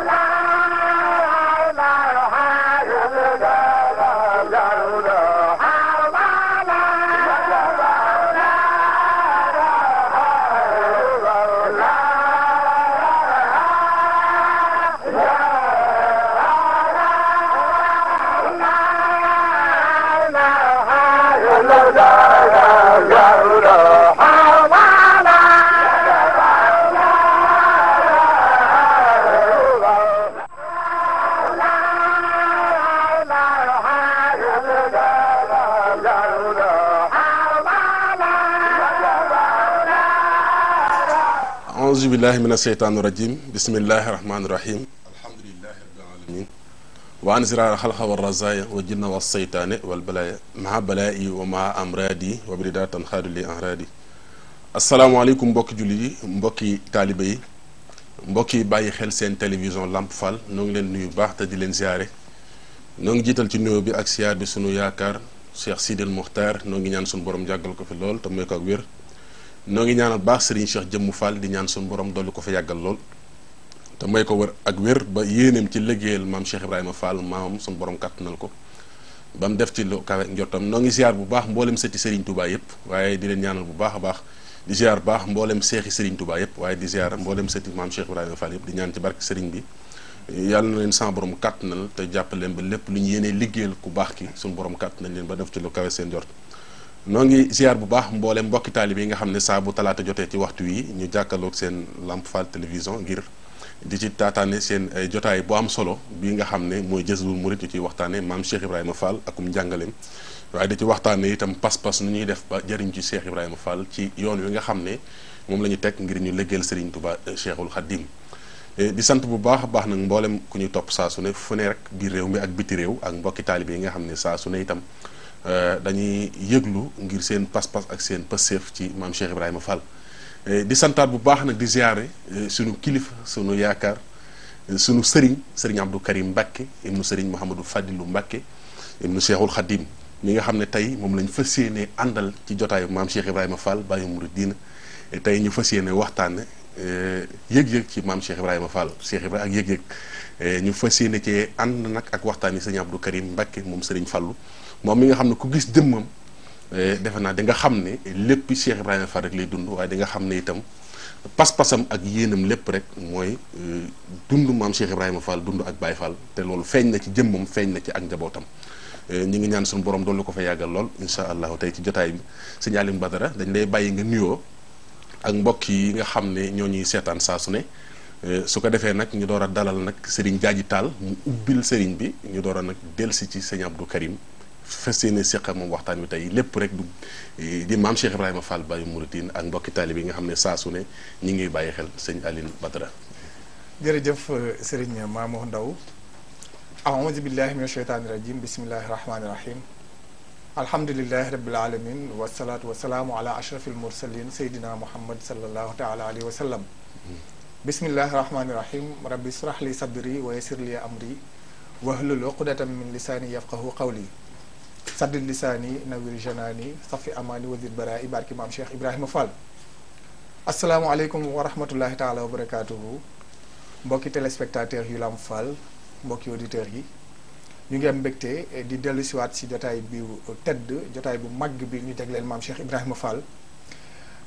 Hola! billahi min asheytaan irajim bismillahi rahmani rahim alhamdulilahi rabbil alamin wa an sirar xalxa wa razaya wa jinna wa seytaane wal balaya maa balaayi wa maa amraadi wa biridatan xaaduli enraadi asalaamaaleykum mbokki julli yi mbokki taalibe yi mbokki bàyyi xel seen télévision Lamp Fall noo ngi leen nuyu baax te di leen ziare noo ngi jiital ci nuyoo bi ak siyaar bi sunu yaakaar Cheikh Sidil Mokhtar noo ngi ñaan sunu borom jàggal ko fi lool te muy ko ak wér noo ngi ñaanal baax Serigne Cheikh Jëmmu Fall di ñaan suñu borom dolli ko fa yàggal lool te may ko wër ak wér ba yéeneem ci liggéeyal maam Cheikh Ibrahima Fall maamam suñu borom kàttanal ko ba mu def ci lu noo ngi ziar bu baax mboolem sëti Serigne Touba yëpp waaye di leen ñaanal bu baax baax di ziar bu baax mboolem seexi Serigne Touba yëpp waaye di ziar mboolem sëti maam Cheikh Ibrahima Fall yëpp di ñaan ci barke Serigne bi. yàlla na leen san borom kàttanal te jàppaleen ba lépp lu ñu yéenee liggéeyal ku baax ki suñu borom kàttanal leen ba def ci lu kawe seen jort noo ngi ziar bu baax mboolem mbokki taalibe yi nga xam ne saa bu talaata jotee ci waxtu wi ñu jàkkalook seen Lamp Fall télévision ngir di ci taataane seen eh, jotaay bu am solo bii nga xam ne mooy Jazbul Mouride ñu ciy waxtaanee maam Cheikh Ibrahima Fall akum njàngaleem waaye di ci waxtaanee itam pas-pas nu ñuy def ba jëriñ ci Cheikh Ibrahima Fall ci yoon wi nga xam ne moom la ñu teg ngir ñu lëggeel Serigne Touba eh, Cheikhul Khadim eh, di sant bu baax a baax nag mboolem ku ñu topp saa su ne fu ne rek biir réew mi ak biti réew ak mbokki taalibe yi nga xam ne saa su ne itam. dañuy yëglu ngir seen pas-pas ak seen passeef ci maam Cheikh Ibrahima Fall di santaat bu baax nag di ziare sunu kilifa sunu yaakaar sunu sëriñ sëriñ Abdou Karim Mbacke ibnu sëriñ Mouhamadou Fadilou Mbacke ibnu Cheikhul Khadim mi nga xam ne tey moom lañ fas àndal ci jotaayu maam Cheikh Ibrahima Fall bàyyi muridina tey ñu fas yéene waxtaane yëg-yëg ci maam Cheikh Ibrahima Fall Cheikh Ibrahima ak yëg-yëg ñu fas ci ànd nag ak waxtaan yi sëriñ Abdou Karim Mbacke moom sëriñ Fallou moom mi nga xam ne ku gis jëmmam eh, defe naa di nga xam ne lépp Cheikh Ibrahima Fall rek lay dund waaye di nga xam ne itam pas-pasam ak yéenam lépp rek mooy eh, dund maam Cheikh Ibrahima Fall dund ak baay Fall te loolu feeñ na ci jëmmam feeñ na ci ak njabootam eh, ñu ngi ñaan suñu borom doolu ko fa yàggal lool incha allahu tey ci jotaay bi sëñ Alioune Badara dañ lay bàyyi nga nuyoo ak mbokk yi nga xam ne ñoo ñuy seetaan saa su ne su ko defee nag ñu door a dalal nag Serigne Jaaji Taal mu bi ñu door a nag delsi ci sëñ Abdou Karim fas yéene seq ak moom waxtaan wi tey lépp rek du di maam Cheikh Ibrahima Fall Baye Mouridine ak mbokki taalibe yi nga xam ne saa su ne ñi ngi bàyyi xel sëñ Alioune Badara jërëjëf sëriñ Mamour Ndaw aouzu billahi min asheytaani rajim bismillahi rahmaani rahim alhamdulilahi rabbil alamin wasalaatu wasalaamu ala ashrafil mursalin sayyidina muhammad sallallahu taala alayhi wa sallam bismillahi rahmaani rahim rabbi israh li sadri wa yassir li amri wahlul uqdatan min lisaani yafqahu qawli saddil lisaani nawir janaani safi amaani wasir bara i barki maam Cheikh Ibrahima Fall asalaamaaleykum wa rahmatullahi taala wa barakaatuhu mbokki téléspectateurs yu Lamp Fall mbokki auditeurs yi ñu ngi am eh, di dellu siwaat si jotaay bi tëdd jotaay bu màgg bi ñu jagleel maam Cheikh Ibrahima Fall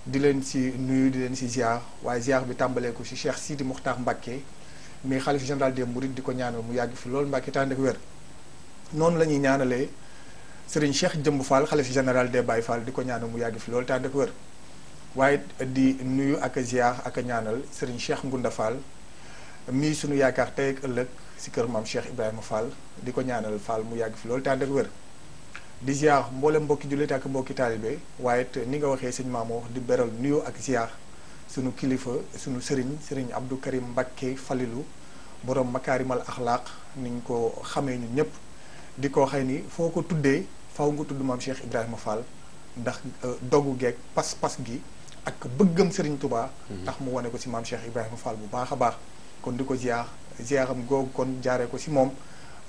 di leen si nuyu di leen si ziar waaye ziar bi tàmbaleeku ci Cheikh Sidi Mokhtar Mbacke mais xaalis général des Mourides di ko ñaanal mu yàgg fi loolu Mbacke tànd wér noonu la ñuy ñaanalee sëriñ Cheikh Jëmb Fall xalifa général des Baye Fall di ko ñaanal mu yàgg fi loolu di nuyu ak ziar ak ñaanal sëriñ Cheikh Ngunda Fall mi suñu yaakaar tey ak ëllëg si kër maam Cheikh Ibrahima Fall di ko ñaanal Fall mu yàgg fi di ziar mboolem mbokki jullit ak mbokki taalibe waaye ni nga waxee sëñ di beral nuyu ak ziar sunu kilifa sunu sering sering Abdou Karim Bakke Falilu, borom makarimal akhlak niñ ko xamee ñun ñëpp di ko waxee ni ko faw nga tudd maam Cheikh Ibrahima Fall ndax euh, dogu geeg pas-pas gi ak bëggam Serigne Touba. ndax mhm. mu wane ko si maam Cheikh Ibrahima Fall bu baax a baax kon di ko ziar ziaram googu kon jaaree ko si moom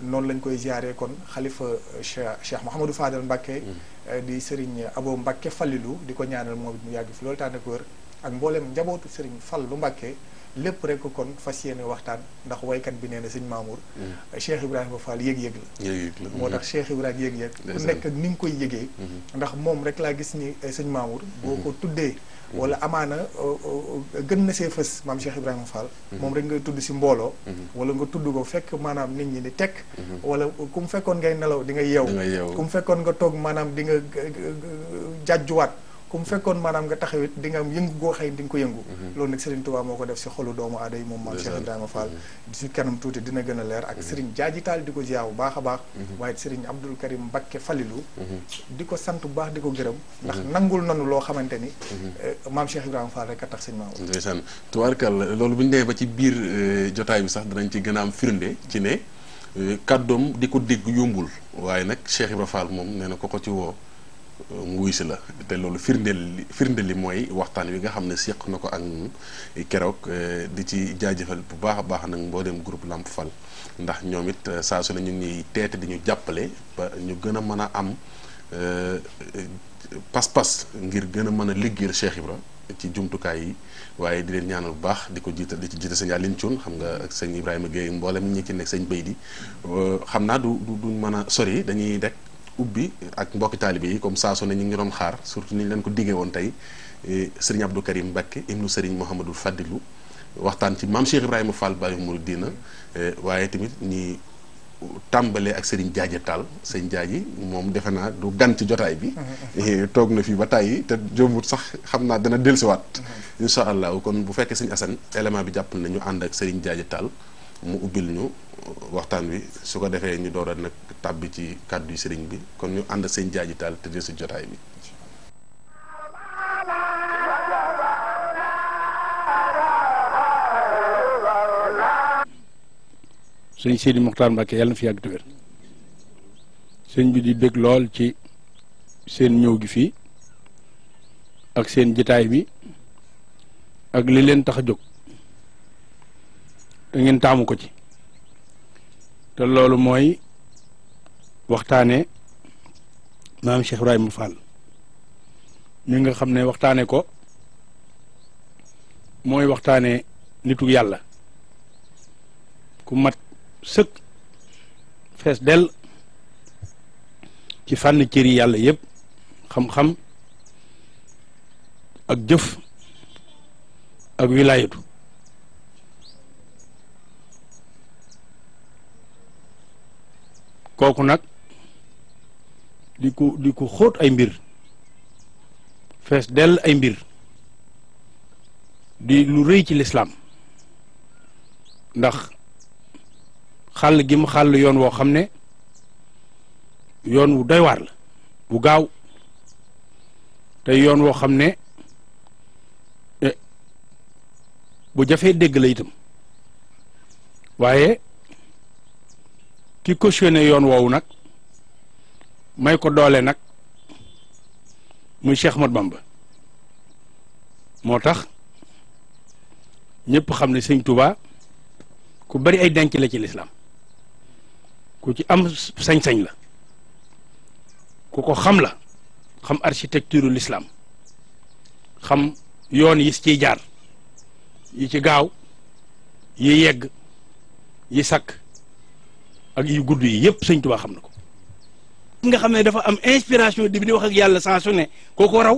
noonu lañ koy jaaree kon xalifa euh, Cheikh Cheikh Mouhamadou Fadal Mbacke. Mhm. Euh, di Serigne Abo Mbacke Fallilu di ko ñaanal moo it mu yàgg fi loolu tànn ko wër ak mboolem njabootu fal lu Mbacke. lépp rek kon fas yéene waxtaan ndax waykat bi nee na sëñ Mamour. Mm. Cheikh Ibrahima Fall yéeg yëg la. yëg-yëg la mm-hmm. moo tax Cheikh Ibrahima yëg ak ni nga koy yëgee. Mm-hmm. ndax moom rek laa gis ni eh, sëñ mm-hmm. boo ko tuddee. wala amaana eh, eh, gën na see fës maam Cheikh Ibrahima Fall. moom rek ngay tudd si mbooloo. wala nga tudd ko fekk maanaam nit ñi di tekk. wala ku mu fekkoon ngay nelaw di nga yeew. ku mu fekkoon nga toog maanaam di nga jàjjuwaat. comme fekkoon maanaam nga taxawit di nga am yëngu goo xëy di nga ko yëngu mhm. loolu nag Serigne Touba moo ko def si xolu doomu aada yi moom maam Cheikh Ibrahima Fall mhm. tuuti dina gën a leer ak mhm. Serigne Jaaji Taal di ko ziar bu baax a baax waaye Serigne Abdoul Karim Mbacké Falilou di ko sant bu baax di ko gërëm ndax nangul nanu loo xamante ni eh, maam Cheikh Ibrahima Fall rek a tax sëñ Maodo ndeysaan tubaarkàlla loolu bu ñu ba ci biir eh, jotaay bi sax danañ ci gën a am firnde ci ne eh, kàddoom di ko dégg yombul waaye nag Cheikh Ibrahima moom nee na ko ko ci woo mu si la te loolu firnde li firndeel mooy waxtaan wi nga xam ne seq na ko ak keroog eh, di ci jaajëfal bu baax a baax nag mboolem groupe Lamp Fall ndax ñoom it eh, saa su ne ñu ngi teete di ñu jàppale ba ñu gën a mën a am eh, pas-pas ngir gën a mën a liggéeyal Cheikh ci jumtukaay yi waaye di leen ñaanal bu baax di ko jiital di ci jiital sëñ Aline xam nga ak sëñ Ibrahima Gueye mboolem ñi ci nekk sañ Bay di xam naa du du duñ mën a sori dañuy rek. ubbi ak mbokki taalibe yi comme saa su ne ñu ngi doon xaar surtout ni ñu leen ko diggee woon tey e, sëriñ Abdou Karim Mbacke ibnu sëriñ Mouhamadou Fadilou waxtaan ci maam Cheikh Ibrahima Fall Baye Mouridina e, waaye tamit ñi tàmbalee ak sëriñ Jaaje Taal sëriñ Jaaji moom defe naa du gan ci jotaay bi mm-hmm. e, toog na fii ba tàyyi te jombut sax xam naa dana dellusiwaat mm-hmm. incha allah kon bu fekkee sëriñ Assane élément bi jàpp nañu ànd ak sëriñ Jaaje Taal mu ubbil ñu waxtaan wi su ko defee ñu door a nag tàbbi ci kàddu yi sëriñ bi kon ñu ànd sëñ jaaji taal tëddee si jotaay bi. sëñ Sidi Mokhtar Mbacke yàlla na fi yàgg te wér sëñ bi di bëgg lool ci seen ñëw gi fii ak seen jitaay bi ak li leen tax a jóg. te ngeen taamu ko ci te loolu mooy waxtaane maam Cheikh Ibrahima Fall mi nga xam ne waxtaane ko mooy waxtaane nitu yàlla ku mat sëkk fees dell ci fànn cëri yàlla yëpp xam-xam ak jëf ak wilaayatu kooku nag di ko di ko xóot ay mbir fees dell ay mbir di lu rëy ci lislaam ndax xàll gi mu xàll yoon woo xam ne yoon wu doy waar la wu gaaw te yoon woo xam ne eh, bu jafee dégg la itam waaye ki cautionné yoon woowu nag may ko doole nag muy Cheikh Ahmadou Bamba moo tax ñëpp xam ne sëñ Touba ku bari ay denc la ci lislaam ku ci am sañ-sañ la ku ko xam la xam architecture lislaam xam yoon yi ciy jaar yi ci gaaw yi yegg yi sakk ak yu gudd yi yëpp sëñ Tuubaa xam na ko nga xam ne dafa am inspiration di bi di wax ak yàlla saa su ne kooku raw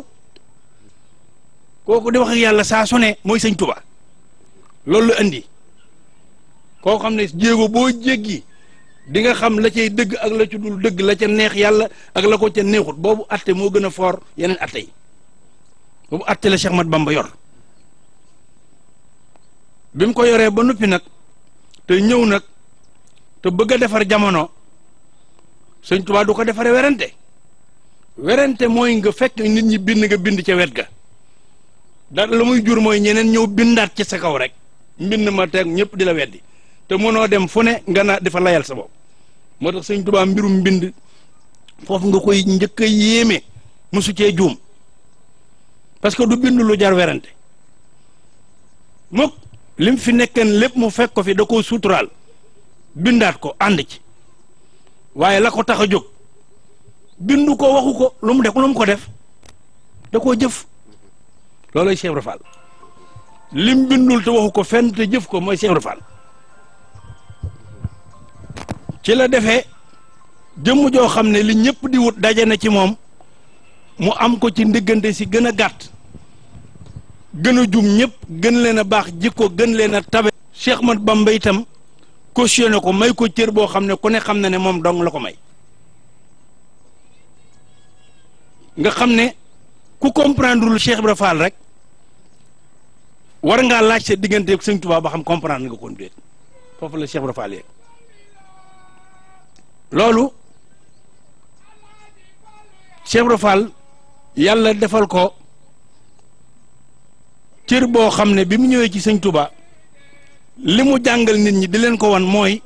kooku di wax yàlla saa su mooy sëñ Tuubaa loolu la indi koo xam ne jéego boo jéggi di nga xam la cay dëgg ak la ci dul dëgg la ca neex yàlla ak la ko ca neexut boobu atte moo gën a foor yeneen atte yi boobu atte la Cheikh Mat Bamba yor bi mu ko yoree ba noppi nag te ñëw nag te bëgg a defar jamono sëñ Tuubaa du ko defaree werante werante mooy nga fekk nit ñi bind nga bind ca wet ga dara la muy jur mooy ñeneen ñëw bindaat ci sa kaw rek mbind ma teg ñëpp di la weddi te mënoo dem fu ne nga na layal sa bopp moo tax sëñ Tuubaa mbirum mbind foofu nga koy njëkk a yéeme mosu cee juum parce que du bind lu jar werante mukk lim fi nekkee lépp mu fekk ko fi da koo suturaal. bindaat ko ànd ci waaye la ko tax a jóg bindu ko waxu ko lu mu def lu mu ko def da koo jëf loolooy Cheikh Ibra lim bindul te waxu ko fenn te jëf ko mooy Cheikh Ibra ci la defee jëmm joo xam ne li ñëpp di wut daje na ci moom mu am ko ci ndiggante si gën a gàtt gën a jum ñépp gën leen a baax jikko gën leen a tabe Cheikh Mat Bamba itam cautionné ko may ko cër boo xam ne ko ne xam na ne moom dong la ko may nga xam ne ku comprendre lu Cheikh Ibra Fall rek war ngaa laaj sa diggante ak Sëñ Tuubaa ba xam comprendre nga kon déet foofu la Cheikh Ibra Fall yeeg loolu Cheikh Ibra Fall yàlla defal ko cër boo xam ne bi mu ñëwee ci Sëñ li mu jàngal nit ñi di leen ko wan mooy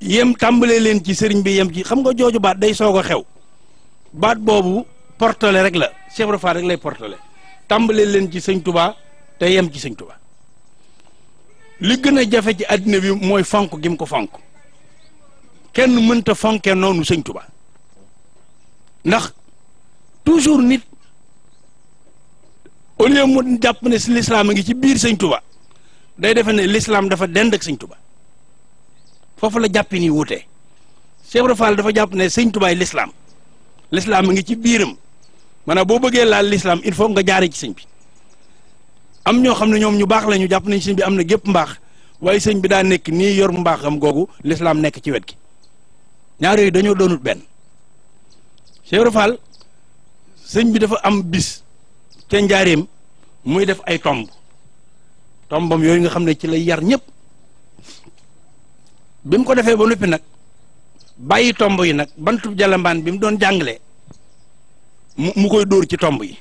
yem tàmbalee leen ci sëriñ bi yem ci xam nga jooju baat day soog a xew baat boobu portale rek la Cheikh Ibra rek lay portale tàmbalee leen ci sëñ Touba te yem ci sëñ Touba li gën a jafe ci àddina bi mooy fonk gim ko fonk kenn mënta fonkee noonu sëñ Touba ndax toujours nit au lieu mu jàpp ne si lislaam a ngi ci biir sëñ Touba day defe ne lislaam dafa dend ak sëñ tuba foofu la jàpp ni wuute Cheikh dafa jàpp ne sëñ tubaay lislaam lislaam mi ngi ci biiram maanaam boo bëggee laal l'islam il faut nga jaaree ci sëñ bi am ñoo xam ne ñoom ñu baax la ñu jàpp nañ sëñ bi am na gépp mbaax waaye sëñ bi daa nekk nii yor mbaax mbaaxam googu l'islam nekk ci wet gi ñaar yooyu dañoo doonut benn Cheikh sëñ bi dafa am bis ca njaareem muy def ay tomb tombam yooyu nga xam ne ci lay yar ñëpp bi mu ko defee ba noppi nag bàyyi tomb yi nag bantu jalambaan bi mu doon jàngalee mu mu koy dóor ci tomb yi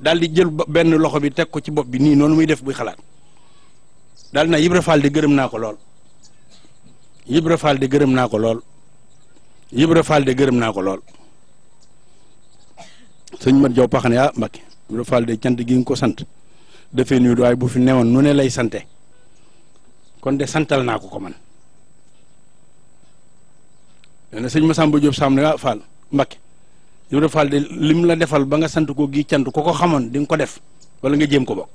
daal di jël benn loxo bi teg ko ci bopp bi nii noonu muy def buy xalaat dal na Ibra Fall di gërëm naa ko lool Ibra Fall di gërëm naa ko lool Ibra Fall gërëm naa ko lool sëñ Mat Jaw Paxane ah Mbàkke Ibra de cant gi nga ko sant dafay nuyu waaye bu fi newoon nu ne lay sante kon de santal naa ko ko man na sëñ Massamba Diop Samb ne ah, Fall Mbakke yow de Fall de lim la defal ba nga sant ko gi cant ko ko xamoon di nga ko def wala nga jéem ko bokk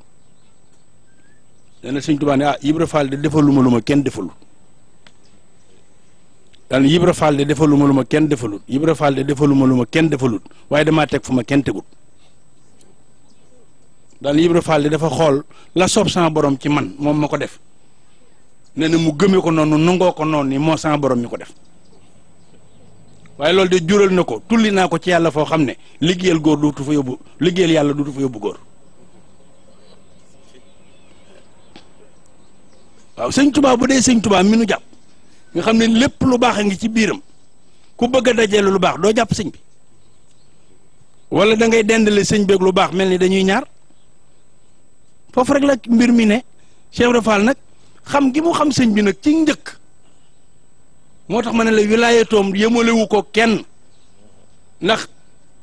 nee na sëñ Tuubaa ne ah Ibra Fall de defaluma lu ma kenn defalu daal Ibra Fall de defaluma lu ma kenn defalut Ibra Fall de defaluma lu ma kenn defalut waaye damaa teg fu ma kenn daal Ibra Fall dafa xool la soob sama borom ci man moom ma ko def nee na mu gëmee ko noonu nangoo ko noonu nii moo sama borom mi ko def waaye loolu de jural na ko tulli naa ko ci yàlla foo xam ne liggéeyal góor duutu fa yóbbu liggéeyal yàlla du fa yóbbu góor waaw sëñ Tuubaa bu dee sëñ Tuubaa mi jàpp nga xam ne lépp lu baax a ngi ci biiram ku bëgg a dajale lu baax doo jàpp sëñ bi wala dangay ngay dendale sëñ beeg lu baax mel ni dañuy ñaar. foofu rek la mbir mi ne Cheikh Ibra nag xam ngi mu xam sëñ bi nag ci njëkk moo tax ma ne la wilaayatoom yemalewu ko kenn ndax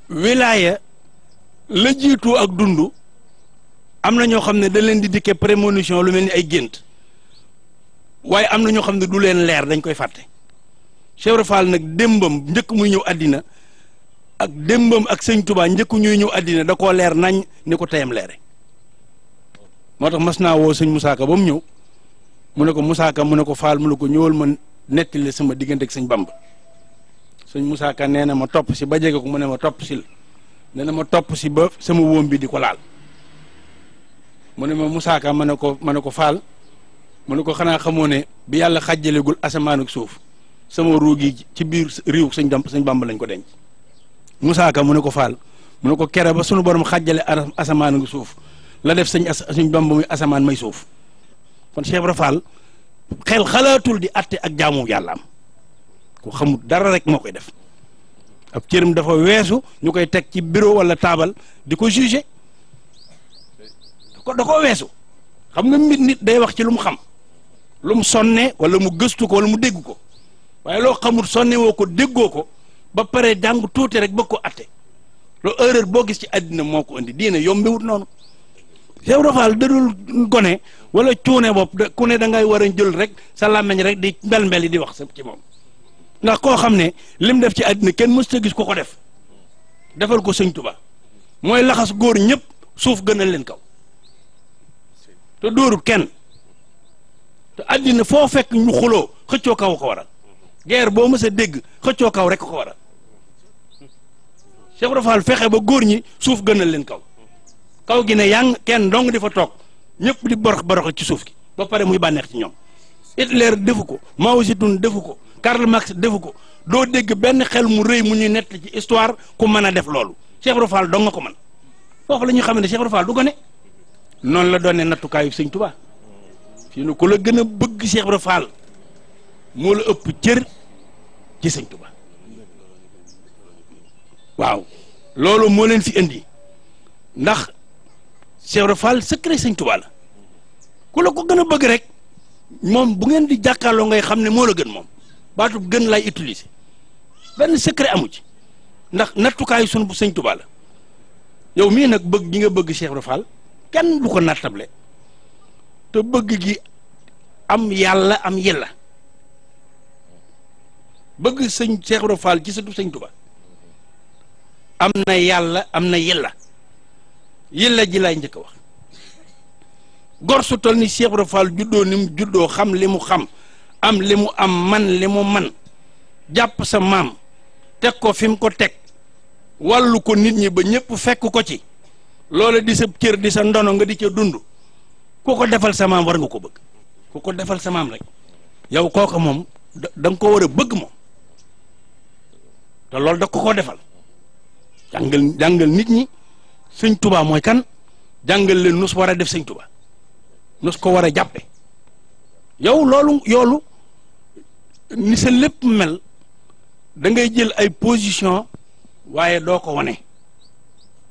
wilaaya la jiitu ak dund am na ñoo xam ne da leen di dikke prémonition lu mel ni ay gént waaye am na ñoo xam ne du leen leer dañ koy fàtte Cheikh Ibra nag démbam njëkk muy ñëw àddina ak démbam ak sëñ Tuubaa njëkk ñuy ñëw àddina da ko leer nañ ni ko teyam leere motax masna mas seigne musaka Moussa Ka bam ñew ñëw mu ne ko Moussa Ka mu ne ko faal mu ne ko ñëwal sama digënde ak seigne Bamba seigne Moussa Ka neena ma top si ba jege ko mu ne ma top si neena semu ma top ci ba sama woom bi diko laal mu ne ma Moussa Ka ma ne ko ma ko faal mu ne ko xanaa xamoo ne bi yàlla ak suuf sama ruugi ci biir riiw seigne Bamba seigne Bamba lañ ko denc Moussa Ka mu faal mu ne ba sunu borom xajjele suuf. la def sëñ as suñ bamba muy asamaan may suuf kon Cheikh Ibra xel xalaatul di atte ak jaamu yàlla am ko xamul dara rek moo koy def ab mu dafa weesu ñu koy teg ci bureau walla taabal di ko jugé ko da koo weesu xam nga mbir nit day wax ci lu mu xam lu mu sonne wala mu gëstu ko wala mu dégg ko waaye loo xamul sonne woo ko déggoo ko ba pare jàng tuuti rek bëgg ko atte loo erreur boo gis ci àddina moo ko indi diine yombiwut noonu Cheikh Rafal dadul gone wala cuune bopp da ku ne da ngay war a jël rek sa làmmeñ rek di mbel-mbel yi di wax sa ci moom ndax koo xam ne lim def ci àddina kenn mës ta gis ko ko def defal ko sëñ Tuba mooy laxas góor ñépp suuf gënal leen kaw te dóorut kenn te àddina foo fekk ñu xuloo xëccoo kaw ko waral guerre boo mës dégg xëccoo kaw rek ko waral Cheikh fexe ba góor ñi suuf gënal leen kaw kaw gi ne kenn dong di fa toog ñëpp di borox borox ci suuf gi ba pare muy bànneex ci ñoom Hitler defu ko Mao Zedong defu ko Karl Marx defu ko doo dégg benn xel mu rëy mu ñuy nett ci histoire ku mën a def loolu Cheikh Ibra Fall dong nga ko mën foofu lañuy ñu xam ne Cheikh Ibra Fall du noonu la doonee nattukaayu Sëñ Tuubaa fii nu ku gën a bëgg seex Ibra Fall moo la ëpp cër ci Sëñ Tuubaa waaw loolu moo leen si indi ndax Cheikh Ibra Fall secret sëñ Tuubaa ku la ko gën a bëgg rek moom bu ngeen di jàkkaarloo ngay xam ne moo la gën moom baatu gën lay utiliser benn secret amu ci ndax nattukaayu sunu bu sëñ Tuubaa la yow mii nag bëgg gi nga bëgg Cheikh Ibra Fall kenn du ko nattable te bëgg gi am yàlla am yella bëgg sëñ Cheikh Ibra ci sëtu sëñ Tuubaa am na yàlla am na yella yilla ji lay ñëk wax gor su tol ni Cheikh Ibra Fall juddoo ni mu juddoo xam limu xam am limu am man limu man japp sa mam tek ko fim ko tek walu ko nit ñi ba ñepp fekk ko ci di sa cër di sa ndono nga di ci dund ku ko defal sa mam war nga ko bëgg ku ko defal sa mam rek yow koko mom dang ko wara bëgg te loolu da ko ko defal jangal jangal nit ñi sëñ tubaa mooy kan jàngal leen nus war a def sëñ tubaa nus ko war a jàppe yow loolu yoolu ni sa lépp mel da ngay jël ay position waaye doo ko wane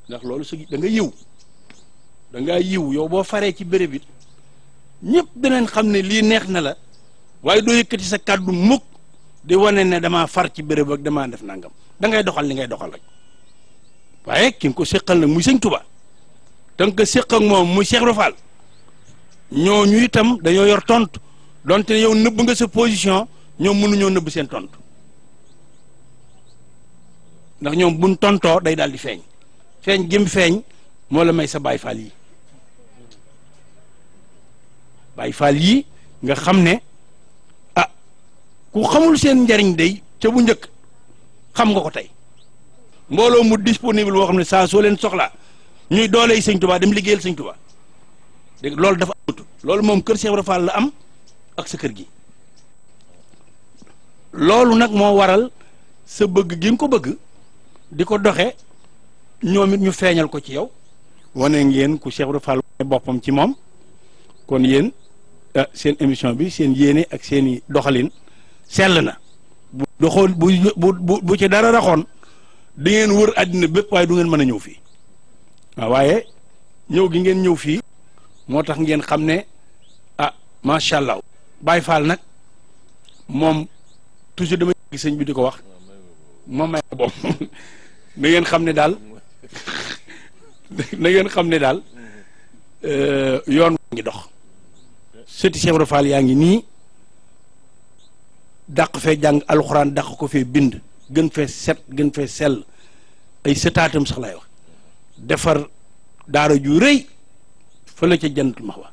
ndax loolu su da nga yiw da ngaa yiw yow boo faree ci béréb it ñëpp dinañ xam ne lii neex na la waaye doo yëkkati sa kàddu mukk di wane ne damaa far ci béréb ak damaa def nangam da ngay doxal li ngay doxal rek waaye ki nga ko seqal nag muy sëñ Tuba danga ko seq ak moom muy Cheikh Ibra Fall ñooñu itam dañoo yor tontu donte yow nëbb nga sa position ñoom mënuñoo nëbb seen tontu ndax ñoom buñ tontoo day daal di feeñ feeñ gëm feeñ moo la may sa Baay Faal yi Baay Faal yi nga xam ne a ah, ku xamul seen njariñ day ca bu njëkk xam nga ko tey mbooloo mu disponible boo xam ne saa soo leen soxlaa ñuy doole yi sëñ Tuubaa dem liggéeyal sëñ Tuubaa dégg loolu dafa amut loolu moom kër Cheikh Ibra Fall la am ak sa kër gi loolu nag moo waral sa bëgg gi nga ko bëgg di ko doxe ñoom it ñu feeñal ko ci yow wane ngeen ku Cheikh Ibra Fall boppam ci moom kon yéen ah, seen émission bi seen yéene ak seeni doxalin sell na bu doxoon bu bu bu ci dara raxoon di ngeen wër adina bépp waaye du ngeen mën a ñëw fii waaw waaye ñëw gi ngeen ñëw fii moo tax ngeen xam ne ah macha allah Baye faal nag moom toujours dama gis sëñ bi di ko wax moom may bopp na ngeen xam ne daal na ngeen xam ne daal euh, yoon ngi dox sëti Cheikh yaa ngi nii dàq fee jàng ko fee bind gën fe set gën fe sel ay setatam sax lay wax defar daara ju rëy fële ca jantul max wa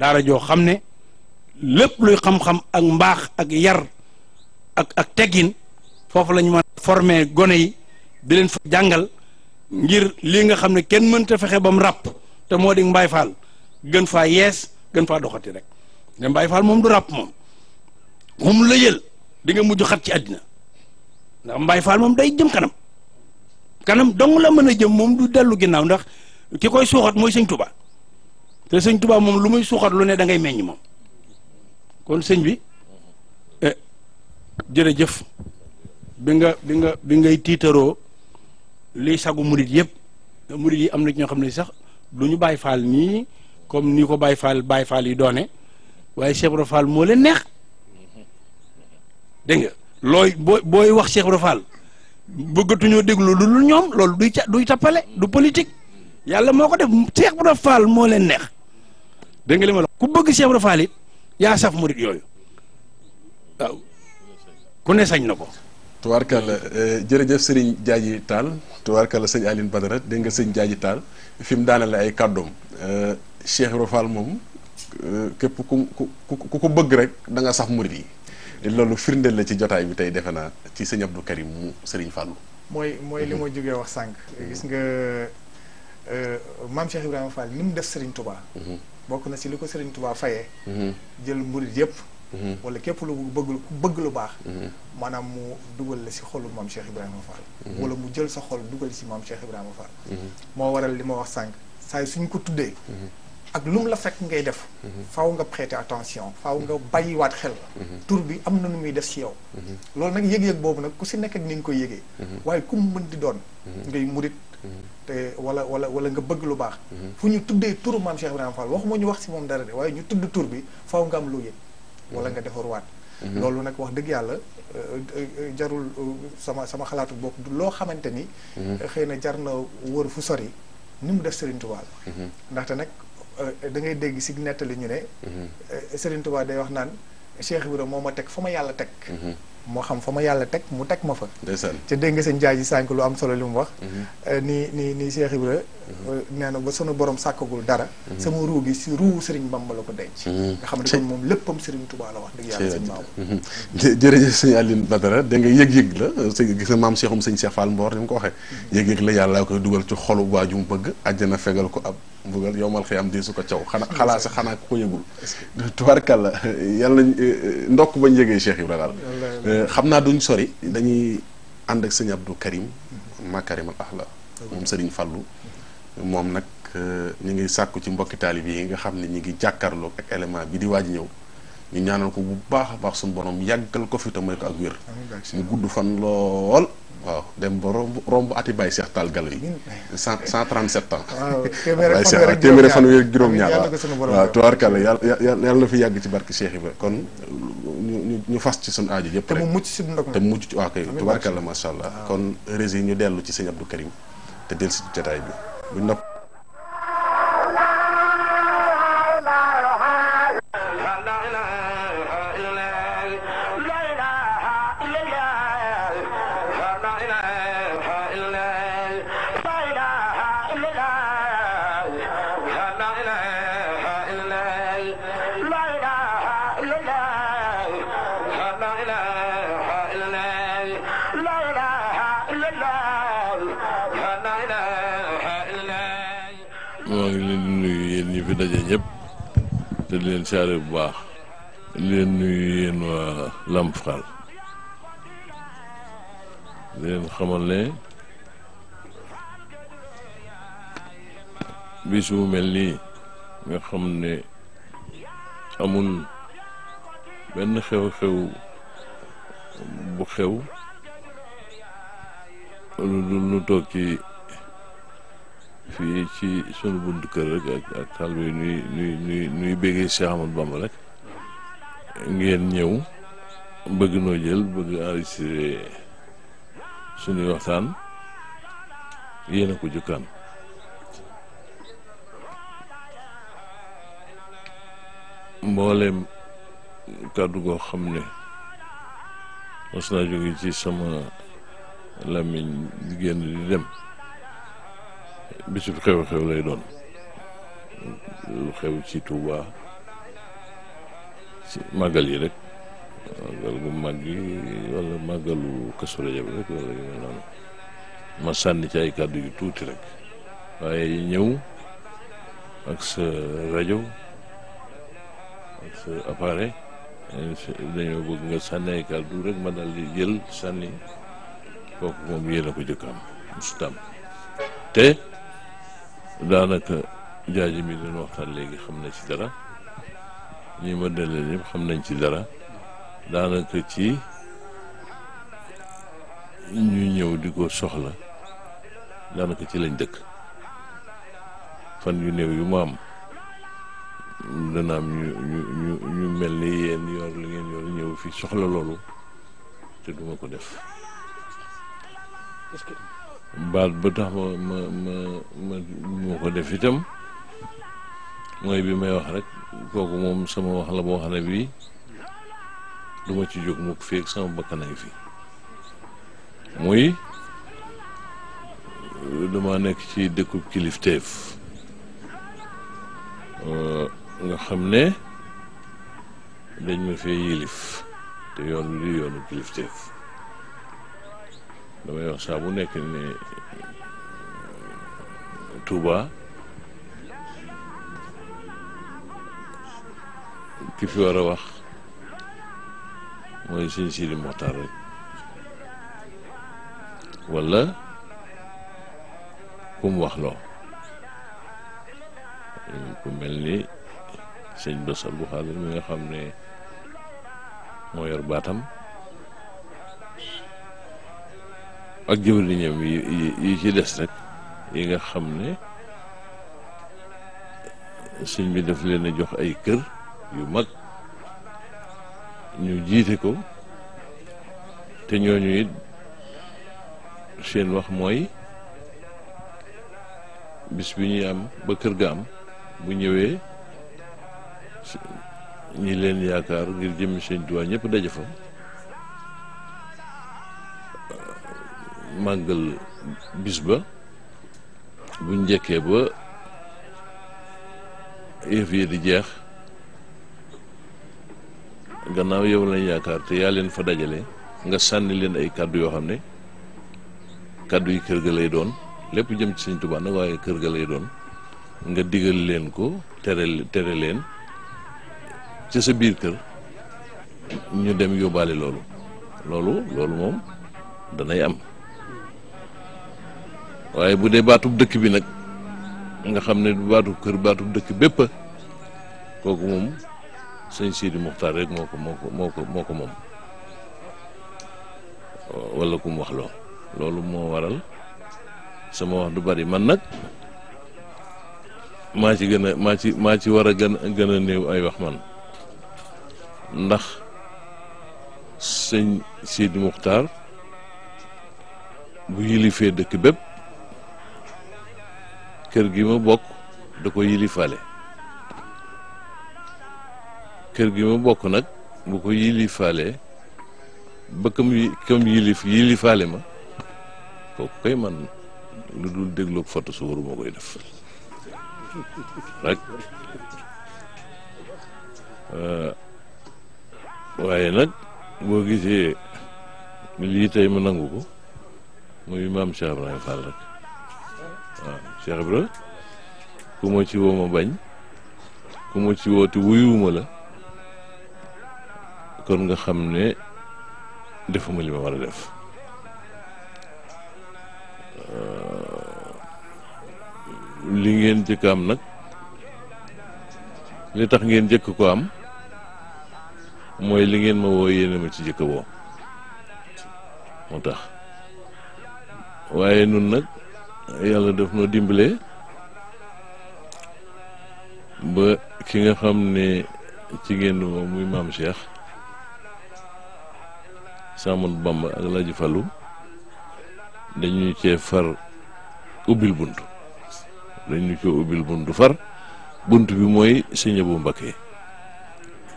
daara jo xamne ne luy xam-xam ak mbax ak yar ak ak teggin fofu lañu ma formé goné yi di len fa jangal ngir li nga xamne ne kenn mënta fexe ba mu ràpp te modi mbay Fall gën fa yes gën fa doxati rek ne mbay Fall mom du rap mom mom la di nga muju xat ci adina ndax Mbaye Fall moom day jëm kanam kanam dong la mën a jëm moom du dellu ginnaaw ndax ki koy suuxat mooy sëñ Touba te sëñ Touba moom lu muy suuxat lu ne dangay ngay meññ moom kon sëñ bi eh, jërëjëf bi nga bi nga ngay tiitaroo liy sagu murit yëpp murit yi am na ci ñoo xam ne sax lu ñu Baay Faal nii comme nii ko Baay Faal Baay Faal yi doone waaye Cheikh Ibra Fall moo leen neex dégg looy booy booy wax Cheikh Ibra Fall bëggatuñoo déglu lu dul ñoom loolu duy ca duy tappale du politique yàlla moo ko def Cheikh Ibra Fall moo leen neex dégg nga li ma la ku bëgg Cheikh Ibra Fall it yaa saf murit yooyu waaw ku ne sañ na ko. tubaarkàlla eh, jërëjëf sëriñ Diadji Tall tubaarkàlla sëñ Aline Badara dégg nga sëñ Diadji Tall fi mu daanale ay kàddoom eh, Cheikh Ibra Fall moom eh, képp ku ku ku ko bëgg rek da nga saf murit yi. loolu firndeel la ci jotaay bi tey defe naa ci sëñ Abdou Karim mu Serigne Fallou. mooy mooy li mhm. ma jógee wax sànq. Mhm. gis nga euh, maam Cheikh Ibrahima Fall ni mu def Serigne Touba. Mhm. bokk na si li ko Serigne Touba fayee. jël murit yëpp. walla képp lu bëgg bëgg lu baax. maanaam mu dugal la si xolu maam Cheikh Ibrahima Fall. wala mu jël sa xol dugal si maam Cheikh Ibrahima Fall. moo waral li ma wax sànq saa yu suñ ko tuddee. ak lu mu la fekk ngay def mhm. faw nga prêter attention faw nga mhm. bàyyiwaat xel mhm. tour bi am na nu muy def ci yow loolu nag yëg-yëg boobu nag ku si nekk ak ni nga koy yëgee waaye ku mu mën di doon ngay murit te wala wala wala nga bëgg lu baax fu ñu tuddee tour maam Cheikh Ibrahima Fall waxuma ñu wax si moom dara de waaye ñu tudd tour bi faaw nga am loo yëg wala nga waat loolu nag wax dëgg yàlla euh, euh, euh, jarul sama sama xalaatu bopp du loo xamante ni xëy na jar na wër fu sori ni mu def Serigne ndaxte nag Euh, da ngay dégg si nettali ñu ne. Mm-hmm. Euh, Serigne Touba day wax naan Cheikh Ibrahima moo ma teg fa ma yàlla teg. Mm-hmm. moo xam fa yàlla teg mu teg ma fa. ndeysaan te dégg nga seen jaay ji sànq lu am solo li mu wax. Mm-hmm. Euh, ni ni ni Cheikh Ibrahima. nee na ba sunu borom sàkkagul dara. sama ruu gi si ruu Serigne Bamba la ko denc. nga xam ne kon moom léppam Serigne Touba la wax dëgg yàlla sëñ Maam. jërëjëf sëñ Alioune Badara dégg nga yëg-yëg la sëñ gis na maam Cheikhum sëñ Cheikh Fall Mbor ni ko waxee. yëg-yëg la yàlla koy dugal ci xolu waa ju mu bëgg aj na fegal ko ab. mbugal yowmal xiyam deesu ko caw xana xalaas xana ko yegul tubarkal yalla eh, eh, ndok ba ñëgé cheikh ibrahim eh, xamna duñ sori dañuy and ak seigne abdou karim makarim al ahla mom serigne fallu mom nak ñi ngi sakku ci mbokki talib yi nga xamni ñi ngi jakarlo ak élément bi di waji ñew ñu ñaanal ko bu baax baax sun borom yagal ko fi ta ko ak wër mu gudd fan waaw dem ba romb romb ati Baye Cheikh Tall Gallo yi. cent cent trente sept ans. waaw téeméeri fanweer ak juróom-ñaar waaw waaw tubaarkàlla yàlla na fi yàgg ci barke Cheikh Ibrahima kon ñu fas ci sunu aajo yëpp rek. te mu mucc si dund ak te mu mucc waaw kay tubaarkàlla macha allah. kon rési ñu dellu ci sëñ Abdou Karim te dellu si jotaay bi bu nopp. leen saare bu baax leen nuyu yéen Lamp Fall leen xamal ne bis bu mel ni nga xam ne amul benn xew-xew bu xew lu dul nu toog fii ci sunu bunt kër rek ak ak talbe nuy nuy nuy nuy béggee Cheikh Amadou Bamba rek ngeen ñëw bëgg no jël bëgg enregistré sunuy waxtaan yéen ko jukkaan mbooleem kàddu goo xam ne mos ci sama lamiñ di génn di dem bisu xew-xew lay doon lu xew ci Touba ci yi rek màggal gu màgg yi wala màggalu Kazu Rajab rek wala yu mel noonu ma sànni ci ay kàddu yu tuuti rek waaye ñëw ak sa rajo ak sa appareil dañoo bëgg nga sànni ay kàddu rek ma daal di jël sànni kooku moom yéen a ko jëkk am mustaam te daanaka jaaji mi doon waxtaan léegi xam na ci dara ñi ma delloo ñëpp xam nañ ci dara daanaka ci ñu ñëw di ko soxla daanaka ci lañ dëkk fan yu néew yu ma am dana am ñu ñu ñu ñu mel ni yéen yor li ngeen ñëw fi soxla loolu te duma ko def. baat ba tax ma ma ma ma ma ko def itam mooy bi may wax rek kooku moom sama wax la boo xam ne bii du ci jóg mukk fii ak sama bakkan fi muy dama nekk ci dëkkub kilifteef nga xam ne dañ ma fee yilif te yoon li yoonu kilifteef damay wax bu nekk ne eh, Touba ki fi war a wax mooy sëñ Sidi Moxtaar rek wala ku mu wax loo ku mel ni sëñ Bass Abdou Khadre mi nga xam ne moo baatam ak jëwriñam yi yi ci des nag yi nga xam ne sëñ bi daf leen a jox ay kër yu mag ñu jiite ko te ñooñu it seen wax mooy bis bi ñuy am ba kër ga am bu ñëwee ñi leen yaakaar ngir jëmmi seen duwaa ñëpp daje fa màggal bis ba bu njëkkee ba yëf yi di jeex gannaaw yow lañ yaakaar te yaa leen fa dajale nga sànni leen ay kàddu yoo xam ne kàddu yi kër ga lay doon lépp jëm ci Sëñ waaye kër ga lay doon nga digal leen ko tere tere leen ci sa biir kër ñu dem yóbbaale loolu loolu loolu moom danay am waaye bu dee baatub dëkk bi nag nga xam ne baatub kër baatub dëkk bépp kooku moom sëñ Sidi Muxtaar rek moo ko moo moom wala ku mu wax loo loolu moo waral sama wax du bari man nag maa ci gën a maa ci maa ci war a gën a gën a néew ay wax man ndax sëñ Sidi Muxtaar bu yilifee dëkk bépp kër gi ma bokk da ko yilifale kër gi ma bokk nag bu ko yilifalee ba kam kam yilif yilifale ma kooku koy man lu dul dégloog foto waruma koy def rek euh, waaye nag boo gisee lii tey ma nangu ko muy maam Cheikh Ibrahima Fall rek waaw Cheikh Ibra ku ma ci woo ma bañ ku ma ci woote wuyuwuma la kon nga xam ne defuma li ma war a def li ngeen jëkk am nag li tax ngeen jëkk ko am mooy li ngeen ma woo yéene ma ci jëkk woo moo tax waaye nun nag yàlla def noo dimbale ba ki nga xam ne ci génn moom muy maam Cheikh Saamoon Bamba ak Laaji Fallu dañuy cee far ubbil bunt dañu ko ubbil bunt far bunt bi mooy sëñ Abo Mbakke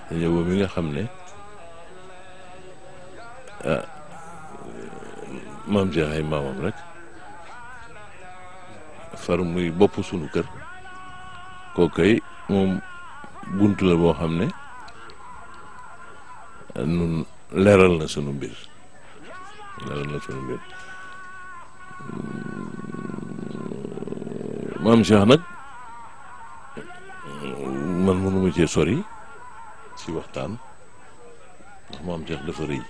sëñ Abo mi nga xam ne ah maam Cheikh ay maamam rek far muy bopp sunu kër kookay moom bunt la boo xam ne nun leeral na sunu mbir leeral na sunu maam Cheikh nag man mënuma cee sori si waxtaan ndax maam Cheikh dafa rëy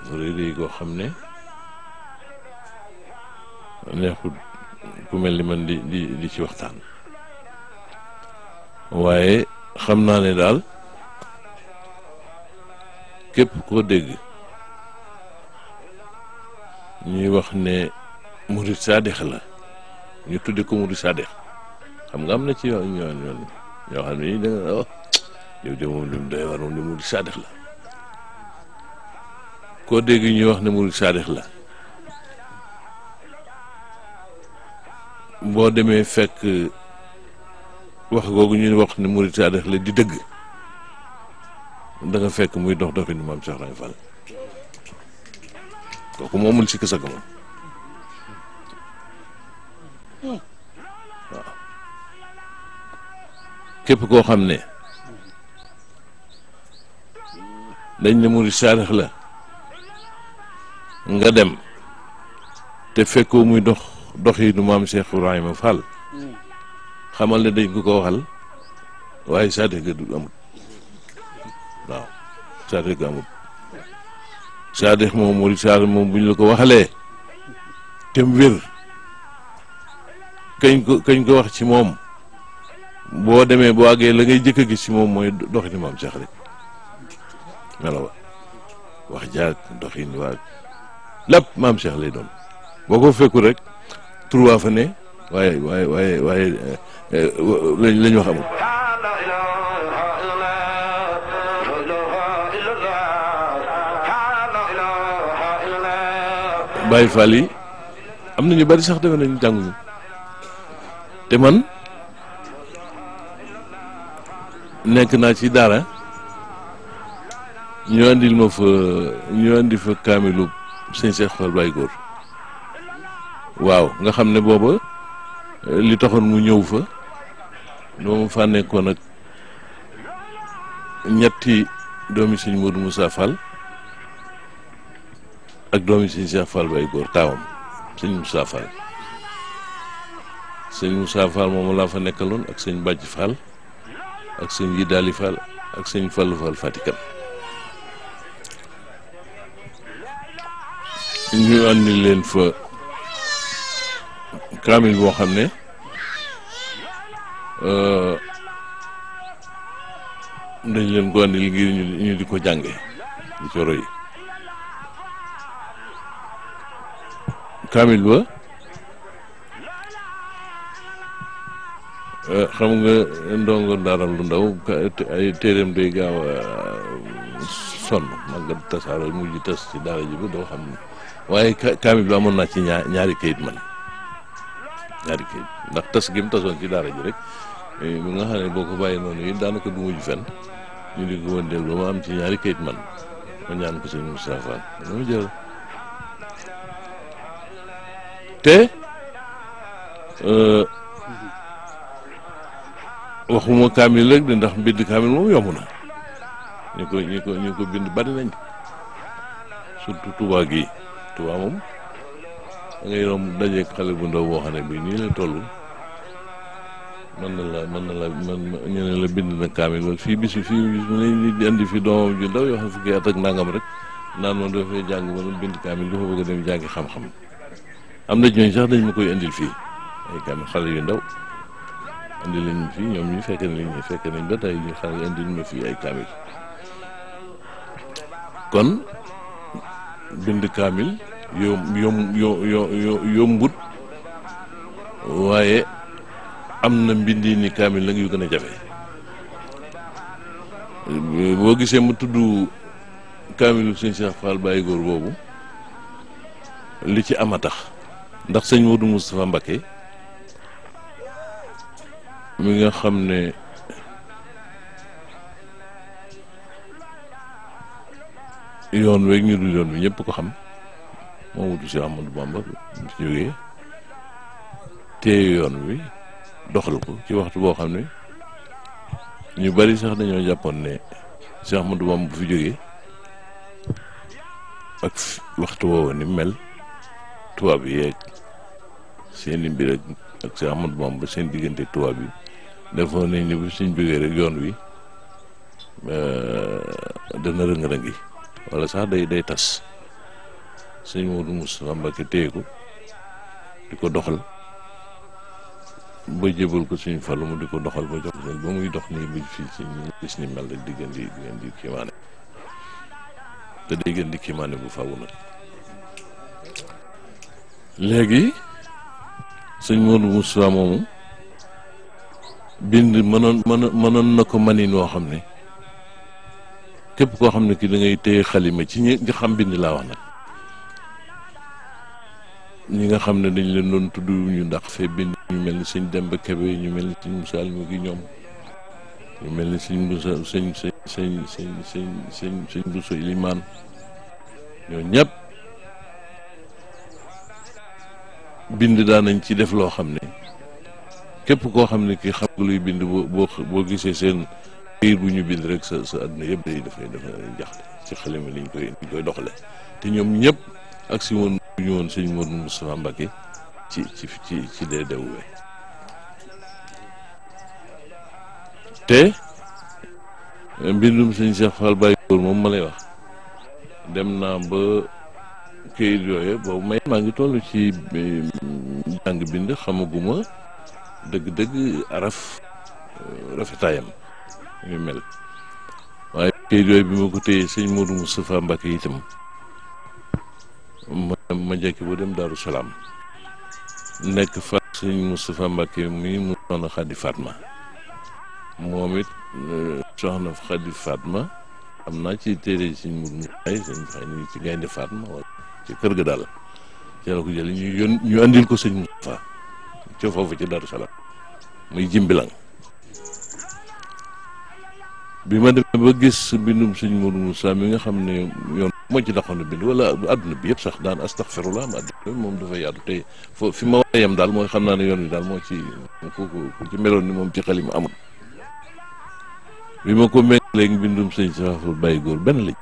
dafa rëy rëy koo xam ne neexut ku mel ni man di di di ci waxtaan waaye xam naa ne daal képp koo dégg ñuy wax ne murid saadex la ñu tudde ko murid saadex xam nga am na ci yoon yoon yoon ñoo xam ne da nga wax oh, yow de moom li mu doy war la koo dégg ñuy wax ne murid saadex la boo demee fekk wax googu ñu wax ne murit saadax la di dëgg danga fekk muy dox doxinu maam Cheikh Ibrahima Fall kooku moo mun si kës képp koo xam ne dañ ne murit saadax la nga dem te fekkoo muy dox doxiinu maam Cheikh Ibrahima Fall xamal na dañ ko ko waxal waaye saate ga du amut waaw ga amut saate moom murid saate moom bu ñu la ko waxalee te mu wér kañ ko kañ ko wax ci moom boo demee boo àggee la ngay jëkk a gis ci moom mooy doxinu maam Cheikh rek melo wax jaag doxin waag lépp maam Cheikh lay doon boo ko fekku rek tur fa ne waaye waaye waaye waaye eh, eh, lañ lañ wax yi am na ñu bari sax defe nañu jànguñu te man nekk naa ci daara ñu andil ma fa ñu andi fa kaamilu sëñ Cheikh Fall Góor. waaw nga xam ne booba eh, li taxoon mu ñëw fa moom fa nekkoon ak ñetti doomi sëñ Modou Moussa Fall ak doomi sëñ Cheikh Fall bay góor taawam sëñ Moussa Fall sëñ Moussa Fall moom laa fa nekkaloon ak sëñ Bàcc Fall ak sëñ Yidaali Fall ak sëñ Fallu Fall Fatikan ñu andi fa kaamil boo xam ne euh, dañ leen ko ngir ñu di ko jànge di ko roy kaamil ba euh, xam nga ndongo daaral lu ndaw ay téereem day gaaw son euh, sonn mag nga mujj tas ci daara ji ba doo xam ne waaye kaamil ba amoon naa ci ñaari kayit man ñaari kii ndax tas gi mu tasoon ci daara ji rek bi eh, nga xam ne boo ko bàyyi noonu yi daanaka du mujj fenn ñu di ko woon delloo ma am ci ñaari kayit man ma ñaan ko sëñ Moustapha dama jël te eh, waxuma kamil rek de ndax mbind kamil moom yomb na ñu ko ñu ko ñu ko bind bari nañ surtout moom da ngay romb xale bu ndaw boo xam ne bii nii la toll mën na la mën na la mën ñu ne la bind na kaamil wala fii bisu fii bis mu ne nit di andi fi doomam ju ndaw yoo xam fukki at ak nangam rek naan man dafay jàng ba bind kaamil dem jàngi xam-xam am na ñooñu sax dañ xale yu ndaw indi lañ ma fii ñoom ñu fekk nañ fekk nañ ba tey ñu xale indil ma fii ay kaamil kon bind kaamil. yom yom yom yom yom yom yom yom yom mbindi ni yom yom yom yom yom yom yom yom yom yom yom yom Cheikh Fall Baye Góor boobu li ci ndax Modou Mbacké mi nga yoon ñu yoon bi ko xam moom wutu si Amadou Bamba ci jógee téye yoon wi doxal ko ci waxtu boo xam ne ñu bari sax dañoo jàppoon ne si Amadou Bamba bu fi jógee ak waxtu woowu ni mel tubaab yi yeeg seen i mbir ak si Amadou Bamba seen diggante tubaab yi defoon nañ ni bu suñ jógee rek yoon wi euh, dana rëng-rëngi wala sax day day tas sëñ Modou Moustapha Mbacké téye ko di ko doxal ba jébal ko suñu lu mu di ko doxal ba jox muy dox nii ba fii ci ñu gis ni mel di gën di di gën di kiimaane te day gën bu faaw nag léegi sëñ Modou Moustapha moomu mënoon mënoon na ko manin woo xam ne képp koo xam ne ki da ngay téye xalima ci ñi xam bind laa wax nag ñi nga xam ne dañ leen doon tudd ñu ndax fee bind ñu mel ni sëñ Demba Kébé ñu mel ni sëñ Moussa Alioune gi ñoom ñu mel ni sëñ Moussa sëñ sëñ sëñ ñoo ñëpp bind daan nañ ci def loo xam ne képp koo xam ne ki xam nga luy bind boo boo gisee seen këyit bu ñu bind rek sa sa àdduna yëpp day dafay dafay jaxle ci xalima liñ koy liñ koy doxale te ñoom ñëpp ak si woon ñu ñëwoon sëñ Modou Moustapha Mbacké ci ci ci ci DDW te mbindum sëñ Cheikh Fall Baye Góor moom ma lay wax dem naa ba këyit yooyu boobu may maa ngi toll ci mm, jàng bind xamaguma dëgg-dëgg araf euh, rafetaayam yu mel waaye këyit yooyu bi ma ko téye sëñ Modou Moustapha Mbacké itam ma ma njëkk bu dem Daaru Salaam nekk fa sëñ Moustapha Mbacke mi mu soxna Xadi Fatma moom it euh, soxna Xadi Fatma am naa ci téere sëñ Mourou Mbaye sëñ Mbaye ñu ci gaynde Fatma wala ci kër ga daal ci la ko jëlee ñu yón ko sëñ Moustapha ca foofu ci Daaru Salaam muy Jimbilang bi ma demee ba gis mbindum sëñ Modou Moussa mi nga xam ne yoon moo ci daxoon a bind wala adduna bi yëpp sax daan astaxfirullah ma adduna moom dafa yaatu tey daal mooy xam naa ne yoon wi daal moo ci ku ci meloon ni moom ci xalima bi ma ko méngalee mbindum sëñ Saaful Baye Góor benn lañ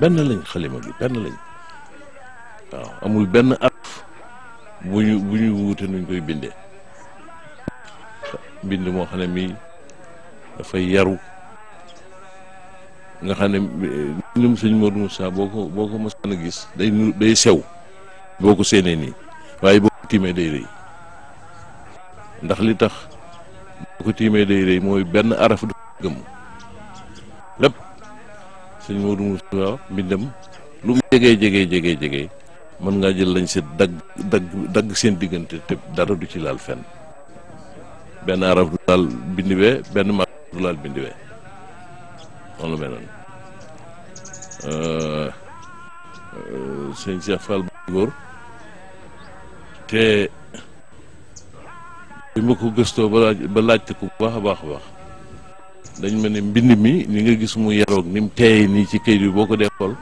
benn lañ xalima bi benn lañ waaw amul benn araf bu ñu bu ñu wuute nuñ koy bindee mbind moo xam ne mii dafay yaru nga xamne ne señ boko Modou Moussa boko boko ma sa gis day day sew boko sene ni waye waaye timé day reuy ndax li tax boko timé day reuy moy ben araf du gem lepp señ Modou Moussa bindam lu mu jégué jégué jégué jegee mën jël lañ ci dag dag dag seen digënté té dara du ci laal fenn ben araf du ma Rural Bindiwe on la mel noonu euh, euh, sëñ Cheikh Fall góor te bi ma ko gëstoo ba laaj ba laajte ko bu baax a baax a baax dañ ma ne mbind mi ni nga gis mu yaroog ni mu teeye nii ci këyit bi boo ko dee xool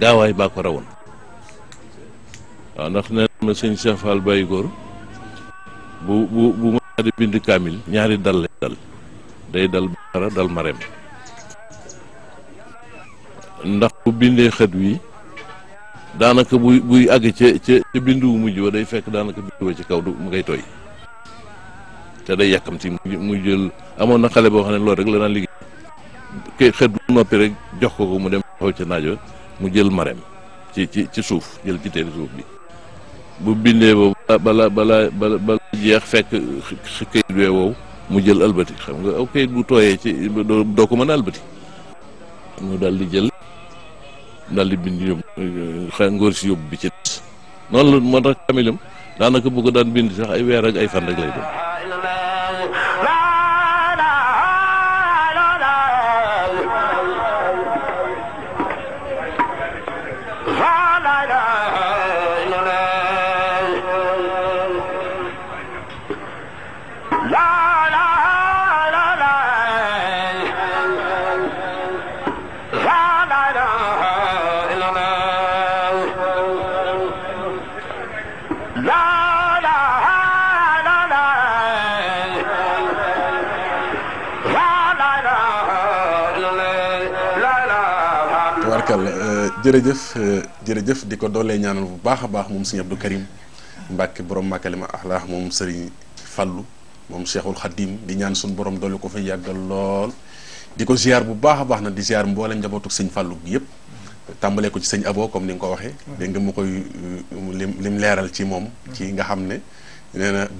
gaawaay baa ko rawoon waaw ndax nee ma sëñ Cheikh Fall Baye góor bu bu bu ma di bind kaamil ñaari dal lay dal day dal Baaqara dal Maryam ndax bu bindee xët wi daanaka buy buy àgg ca ca bind wu mujj wa day fekk daanaka bindu wa ci kaw du mu koy tooy te day yàkkamti mu jël amoon na xale boo xam ne loolu rek la daan liggéey kay xët bu noppi rek jox ko ko mu dem xaw ca naajo mu jël Maryam ci ci ci suuf jël ci teeri suuf bi bu bindee boobu bala bala bala jeex fekk këyit wow mu jël albati xam nga aw kayit bu tooyee ci doo ko mën a albati mu daal di jël daal di bind yóbbu xa ngóor si yóbbu bi ci noonu la moo tax kamilam daanaka bugg ko daan bind sax ay weer ak ay fan rek lay doon jërëjëf euh, jërëjëf di ko ñaanal bu baaxa baax mom sëñ Abdou Karim Mbàkke borom Makalima akhlaq mom sëriñ Fallu mom Cheikhul khadim di ñaan sun borom doole ko fa yagal lool di ziar bu baaxa baax na di ziar mboolem njabotuk sëñ Fallu gi yëpp ko ci sëñ Abo comme ni nga ko mm. nga mu koy euh, lim lim ci mom mm. ci nga xam ne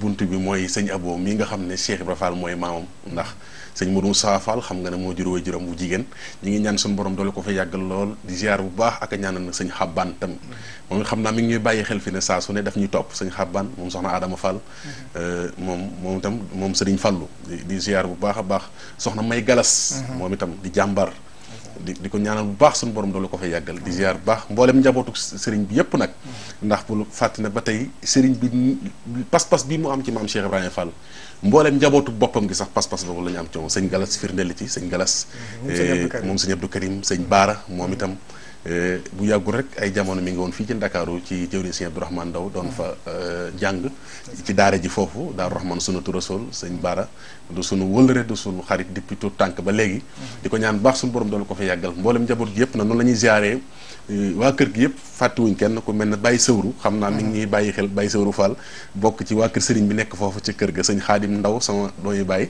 buntu bi moy sëñ Abo mi nga xam Cheikh Ibra ndax. sëñ Modou Moussa Fall xam nga ne moo jur waajuram bu jigéen ñi ngi ñaan suñu borom doole ko fa yàggal lool di ziar bu baax ak a sañ nag sëñ xabbaan tam moom xam naa mi ngi ñuy bàyyi xel fi ne saa su ne daf ñuy topp sëñ xabbaan moom soxna Adama Fall mhm. euh, moom moom itam moom sëriñ Fallu di ziar bu baax a baax soxna May Galas mhm. moom itam di jàmbar di di ko ñaanal bu baax suñu borom doolu ko fa yàggal di ziar bu baax mboolem njabootu sëriñ bi yépp nag ndax bu fàtte na ba tey sëriñ bi pas-pas bii mu am ci maam Cheikh Ibrahima Fall mboolem njabootu boppam gi sax pas-pas boobu la am ci moom sëñ Galas firndeli ci sëñ Galas eh, moom sëñ Abdou Karim sëñ Baara moom itam Eh, bu yàggul rek ay jamono mi ngi woon fii ci Ndakaaru ci jëwriñ sëñ Abdourahmane Ndaw doon fa eh, jàng ci daara ji foofu Daaru Rahman sunu turasool sëñ Baara du sunu wëlëre du sunu xarit depuis tout tànk ba léegi mhm. di ko ñaan baax sunu borom doon ko fa yàggal mboolem njaboot gi yëpp na noonu la ñuy ziaree Euh, waa kër gi yëpp fàttiwuñ kenn ku mel ne Baye Sëwru xam naa mi ah. ngi ñuy bàyyi xel Baye Sëwru faal bokk ci waa kër sëriñ bi nekk foofu ci kër ga sëñ Xaadim Ndaw sama dooyu Baye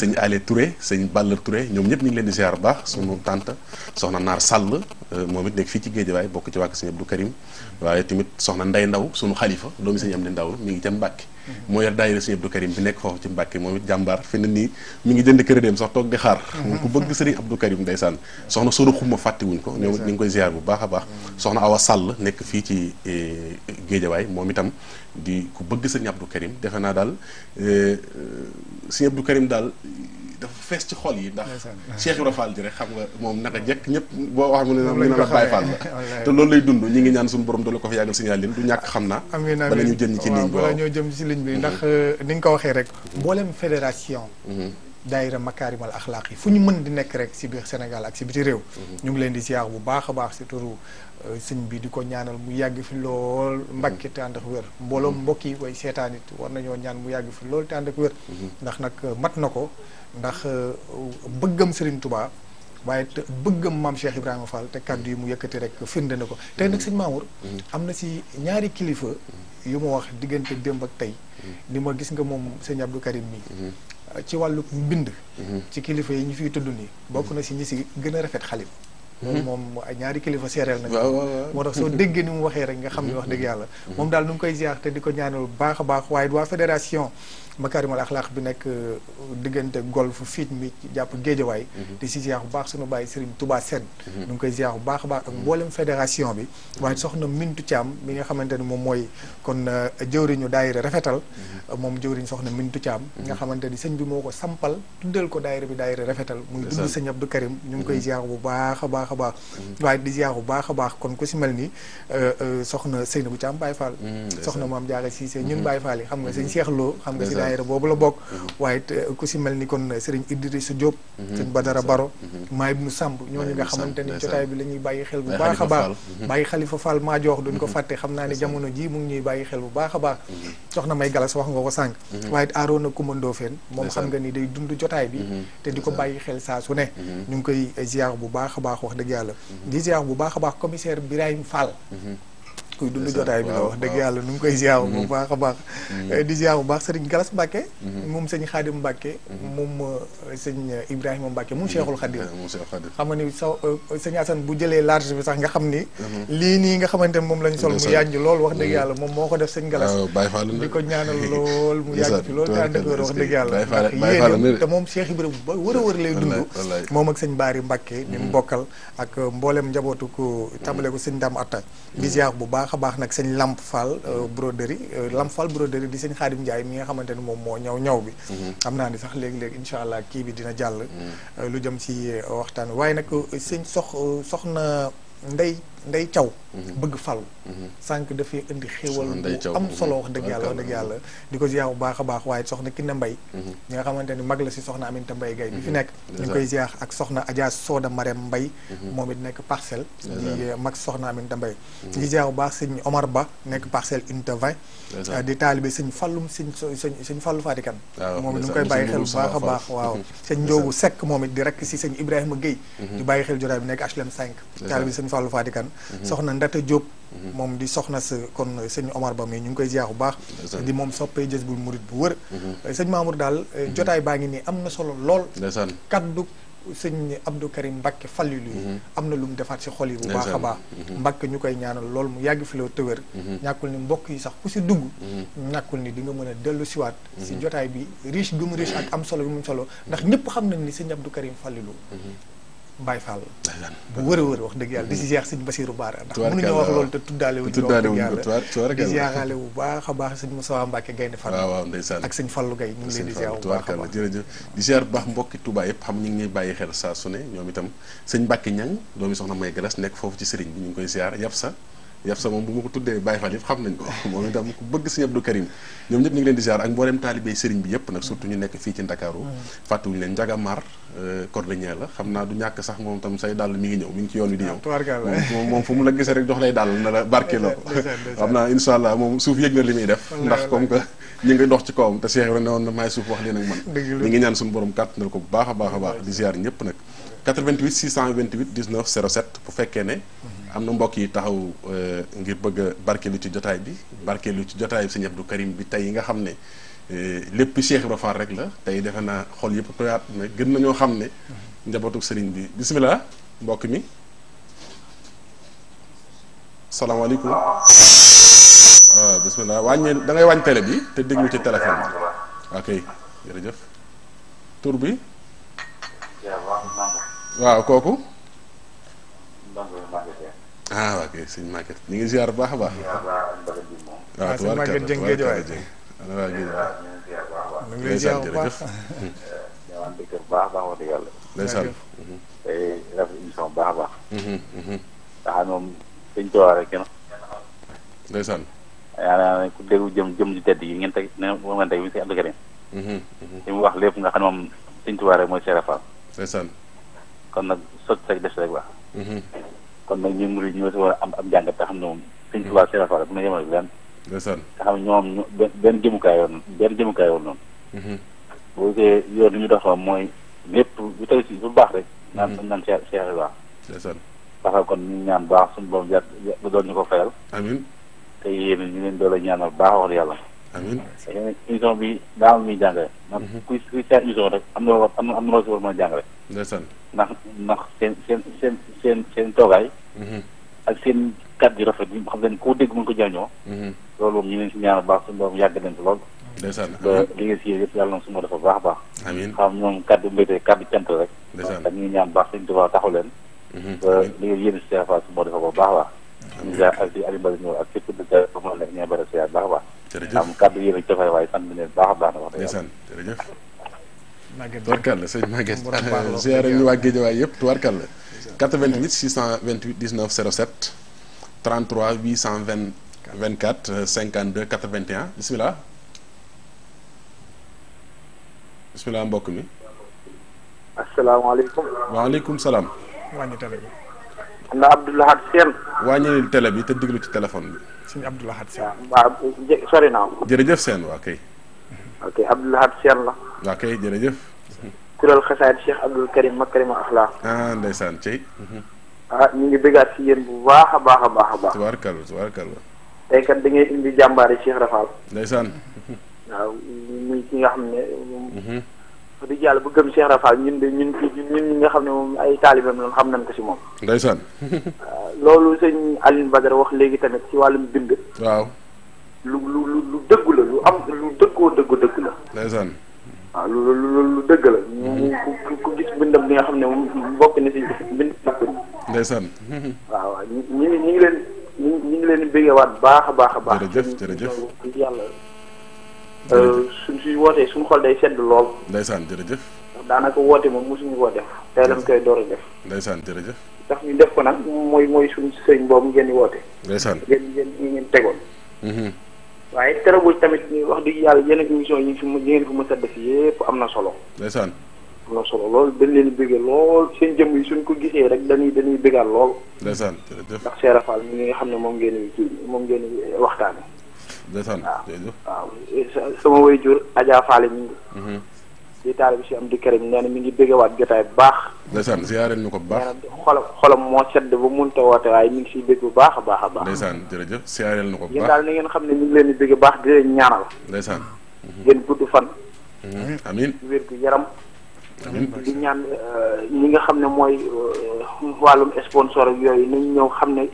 sëñ Ale Touré sëñ Balla Touré ñoom ñëpp ñu ngi leen di ziar baax sunu mm-hmm. tante soxna Naar Sàll euh, moom it nekk fii ci Géejawaay bokk ci waa kër sëñ Abdou Karim waaye tamit soxna Nday Ndaw sunu xalifa doomi sëñ Amdi Ndaw mi ngi ca Mbàkke moo yor daayira sëñ Karim bi nekk foofu ci Mbàkke moom it jàmbaar fi ne nii mi ngi jënd crédit sax toog di xaar moom mm-hmm. ku bëgg sëriñ Abdou Karim ndeysaan soxna sunu xumma fàttiwuñ ko ñoom it ñu ngi koy ziar bu baax a baax soxna Awa Sàll nekk fii ci eh, Géejawaay moom itam di ku bëgg sëriñ Abdou Karim defe naa daal eh, sëriñ Abdou Karim daal dafa fees ci xol yi ndax Cheikh Ibra Fall ji rek xam nga moom naka jekk ñëpp boo wax mu ne ñu ne la te loolu lay dund ñi ngi ñaan suñu borom doole ko fi yàggal signal du ñàkk xam naa amiin amiin bala ñu jëm ci ligne bi bala ñoo jëm ci ligne bi ndax euh, ni nga ko waxee rek mboolem fédération mhm. daayira makaarimal axlaaq yi fu ñu mën di nekk rek si biir Sénégal ak si biti réew mhm. ñu ngi leen di ziar bu baax a baax si turu euh, sëñ bi di ko ñaanal mu yàgg fi lool mhm. mbakki te ànd ak wér mbooloo mhm. mbokk yi way seetaan it war nañoo ñaan mu yàgg fi lool te ànd ak ndax nag euh, mat na ko ndax euh, bëggam sëriñ tubaa waaye bëggam maam Cheikh Ibrahima Fall te kàddu yi mu yëkkati rek firnd na ko te nag sëñ Mamour am na si ñaari kilifa yu ma wax diggante démb ak tey ni ma gis nga moom sëñ Abdou Karim mii ci wàllu mbind mhm. ci kilifa yi ñu fi tudd nii bokk na si ñu si gën a rafet xalim mhm. moom ñaari kilifa seereel nag moo tax soo déggee ni mu waxee rek nga xam ni wax dëgg mhm. yàlla moom daal nu ngi koy ziar te di ko ñaanal baax a baax waaye waa fédération makaarimal laax bi nekk euh, diggante golf fiit mi jàpp géejawaay mhm. di si ziar bu baax suñu bàyyi sëriñ tubaa Sène mhm. ñu ngi koy ziar bu baax a baax ak mboolem fédération bi mhm. waaye soxna Mintu Thiam mi nga xamante ne moom mooy kon euh, jëwriñu daayira rafetal moom jëwriñ soxna Mintu Thiam nga xamante ni sëñ bi moo ko sampal tuddal ko daayira bi daayira rafetal muy dund sëñ Abdou Karim ñu ngi koy ziar bu baax a baax a baax waaye di ziar bu baax a baax kon ku si mel ni euh, soxna Seynabou Thiam Baye Fall soxna Maam Diarra Cissé ñun Baye Fall yi xam nga sëñ Cheikh Lo xam nga si daayira boobu la bokk waaye ku si mel ni kon sëriñ Idrissa Diop mhm. sëriñ Badara Baro mhm. maa ibnu Samb ñooñu nga xamante ni jotaay bi la ñuy bàyyi xel bu baax a bàyyi Xalifa mhm. Fall maa jox duñ ko fàtte xam naa ne jamono ji mu ngi ñuy bàyyi xel bu baax a baax soxna May Galas wax nga ko sànq waaye Aroona Kumando Feen moom xam nga nii day dund jotaay bi te di ko bàyyi xel saa su ne ñu ngi koy ziar bu baax a baax wax dëgg yàlla di ziar bu baax a baax kuy dund jotaay bi la wax dëgg yàlla nu ngi koy mm-hmm. ziaw bu baax a mm-hmm. baax eh, di ziaw bu baax sëriñ Galas Mbàkke mm-hmm. moom sëñ Xaadim Mbàkke moom eh, sëñ Ibrahima Mbàkke eh, moom Cheikhul Xadim xam nga ni sa sëñ Assane bu jëlee large bi sax nga xam ni lii nii nga xamante ne moom lañ sol mu yànj lool wax dëgg yàlla moom moo ko def sëñ Galas di ko ñaanal lool mu yànj fi lool daa dëgër wax dëgg yàlla te moom Cheikh Ibrahima ba wër lay dund moom ak sëñ Baari Mbàkke ni mu ak mbooleem njabootu ko tàmbale ko sëñ Dam Atta di ziaw bu baax baax a baax nag sëñ Lamp Fall euh, broderie euh, Lamp Fall broderie di sëñ Xaadim Njaay mi nga xamante ne moom moo ñaw ñaw bi mhm. xam naa ni sax léegi-léegi incha allah kii bi dina jàll mhm. euh, lu jëm ci waxtaan waaye nag sëñ sox soxna Ndey nday caw mhm. bëgg falu mhm. sànq dafay indi xéewal bu am solo wax mhm. dëgg yàlla wax yàlla di ko ziar bu baax a baax waaye soxna Kiné mbay ñi nga xamante ni mag la si soxna Aminta Mbaye Gaye bi fi nekk ñu ngi koy ziar ak soxna Adja Soda Marème Mbaye moom nekk parcelle di eh, mag soxna Aminta Mbaye di ziar bu baax sëñ Omar Ba nekk parcelle unité di taalibe sëñ Fallum sëñ sëñ sëñ Fallu Fatikan moom it ñu ngi koy bàyyi xel bu baax a baax waaw sëñ Njoogu Seck moom it di rek si sëñ Ibrahima Guèye di bàyyi xel jotaay bi nekk HLM 5 taalibe sëñ Fallu Fatikan Mhm. soxna Ndata Diop. Mhm. moom di soxna sa kon sëñ Omar Ba mi ñu ngi koy ziar bu baax. di moom soppee jës bul murit bu wër. Mhm. Eh, sëñ Mamour daal eh, jotaay baa ngi nii am na solo lool. kaddu sëñ Abdou Karim mbakke Fallilu yi am na lu mu defaat si xol yi bu baax a baax ñu koy ñaanal lool mu yàgg fi la te wér ñàkkul ni mbokk yi sax ku si dugg ñàkkul ni di nga mën a dellu siwaat si jotaay bi riche bi mu ak am solo bi mu solo ndax ñëpp xam nañ ni sëñ Abdou Karim Fallilu Baye Fall bu wër a wër wax dëgg yàlla di si jeex sëñ Basiru Baara ndax mënuñoo wax loolu te tuddaale wuñ yàlla di jeexaale bu baax a baax sëñ Moussa Mbacke Gaynde Fall waaw waaw ndeysaan ak sëñ Fallu Gay ñu ngi leen di ziar bu baax a baax jërëjëf di ziar bu baax mbokki Touba yëpp xam ñu ngi ñuy bàyyi xel sa su ne ñoom itam sëñ Mbacke Ñang doomi soxna May Galas nekk foofu ci sëriñ bi ñu ngi koy ziar yàpp sa yaf sa moom bu ma ko tuddee Baye Fall xam nañ ko moom itam ku bëgg Serigne Abdou Karim ñoom ñëpp ñu ngi leen di ak mboolem taalibe Serigne bi yëpp nag mm. euh, ah, moom fu mu la gisee rek jox lay dàll na la barkeeloo ko xam naa insha allah moom suuf yëg na li muy def ndax comme que ñu ngi dox ci kawam te Cheikh ne woon na maay suuf wax leen ak man ñu ngi ñaan suñu borom kàttanal ko baax a baax a baax di ziar ñëpp nag 88 628 19 07 bu fekkee ne am na mbokk yi taxaw euh, ngir bëgg a barkeelu ci jotaay bi barkeelu ci jotaay bi sëñ Abdou Karim bi tey yi nga xam ne euh, lépp Cheikh Ibra rek la tey defe naa xol yëpp toyaat mais gën nañoo xam ne njabootu sëriñ bi bisimilah mbokk mi salaamaaleykum waaw ah, bisimilah wàññi da ngay wàññi bi te déglu ci téléphone bi bi waaw kooku ah ok sëñ Maguette ñu ngi ziar baax a baax. waaw ah, ah, sëñ Maguette Dieng géej waay waaw géej ah, ñu ngi lay baax baax wax dëgg yàlla. ndeysaan. Mhm. tey rafet émission bu baax baax. ndax mhm, mhm. moom dañ ko war a kenn. ndeysaan. yaakaar ku déglu jëm jëm ji tedd yi ngeen ne moom ngeen teg bi si Abdou Karim. li mu wax lépp nga xam ne moom suñ tubaab rek mooy Serapha. ndeysaan. kon nag sotti rek des rek baax. kon nag ñun murid ñoo si war am am jàngat te xam ne moom sëñ Tuubaa Sëriñ Faal bu ma yemal leen ndeysaan nga xam ñoom ñu benn jëmukaay yoon benn jëmukaay yoon noonu mm-hmm. boo gisee yoon li ñu doxoon mooy lépp bu tey si bu baax rek mm-hmm. naan dañ naan Cheikh Cheikh Ibra ndeysaan parce kon ñu ñaan baax suñu borom jàpp ba doon ñu ko fayal amiin te yéen ñu leen doole ñaanal baax wax yàlla amiin émission bi daa am muy jàngale. ndax mhm. kuy am na loo am na loo si war a mën a jàngale. ndeysaan ndax ndax seen seen seen seen seen toogaay. Mhm. ak seen kàddu yu rafet yi xam ngeen koo dégg mën ko jëriñoo. Mhm. loolu moom ñu leen si ñaar baax yàgg na su ma dafa baax baax. amiin xam ñoom kàddu mbéyte kàddu cant rek. ndeysaan dañ baax suñu tubaab taxu leen. su ma dafa baax baax. amiin ak si Aliou Mbadou Nioro ak képp ku nekk ba mu baax baax jërëjëf am kaddu yi rek dafay waaye sant nañu baax a baax na wax dëgg yàlla jërëjëf tuwarkal sëñ Maguette ziare ñu waa Géejawaay yëpp tuwarkal 88 628 19 33 820 52 81 bisimilah bisimilah mbokk mi asalaamaaleykum waaleykum salaam wàññi ndax na Abdou Lahad Sène wàññil télé bi te déglu ci téléphone bi sëñ Abdou Lahad Sène waaw sori naa jërëjëf Sène waa kay ok Abdou Lahad Sène la waa kay jërëjëf kuréel xasaayid Cheikh Abdoul Karim Makarima Akhlaq ah ndeysaan cey ah ñu ngi bëggaat si yéen bu baax a baax a baax a baax tubaarkalla tubaarkalla tey kat da ngay indi jàmbaari Cheikh Rafal ndeysaan waaw muy ki xam ne mhm. wax dëgg yàlla bu gëm Cheikh Rafaal ñun de ñun ñun ñi nga xam ne moom ay taalibeem loolu xam nañ ko si moom. ndeysaan. loolu sëñ Alioune Badara wax léegi tamit si wàllum bind. waaw. lu lu lu dëggu la lu am lu dëggoo dëggu dëgg la. ndeysaan. waaw ah, lu lu lu dëgg la. ku ku gis bindam bi nga xam ne moom bokk na si bind. ndeysaan. waaw waaw ñu ñu ngi leen ñu ngi leen di bégewaat baax a baax a baax. jërëjëf jërëjëf yàlla. Euh, suñ suñ wootee suñ xol day sedd lool ndeysaan jërëjëf daanaka woote moom mosuñu ko def tey lañ koy door a def ndeysaan jërëjëf ndax ñu def ko nag mooy mooy suñ sëñ boobu ngeen di woote ngeen ngeen ngeen tegoon mm-hmm. waaye terewul tamit wax dëgg yàlla yeneen émission yi fi mu ngeen fi mës a def yépp am na solo ndeysaan am na solo lool dañ leen bëggee lool seen jëm yi suñ ko gisee rek dañuy dañuy lool jërëjëf ndax mi nga xam ne moom ngeen moom ngeen ndeysaan ah, waaw sama way jur Adja Faale mi ngi mhm. di taalibe si am di këram nee na mi ngi béggewaat jotaay bu baax ndeysaan siyaareel ñu ko bu baax xolam moo sedd ba munta woote waaye ñu ngi siy bégg bu baax a baax a baax ndeysaan baax yéen daal na ngeen xam ne ñu ngi leen di bégg baax di leen ñaanal ndeysaan mhm. ngeen gudd fan mhm. amiin wér gu yaram di ñaan euh, ñi nga xam ne mooy euh, wàllum sponsor yooyu nañ ñëw xam ne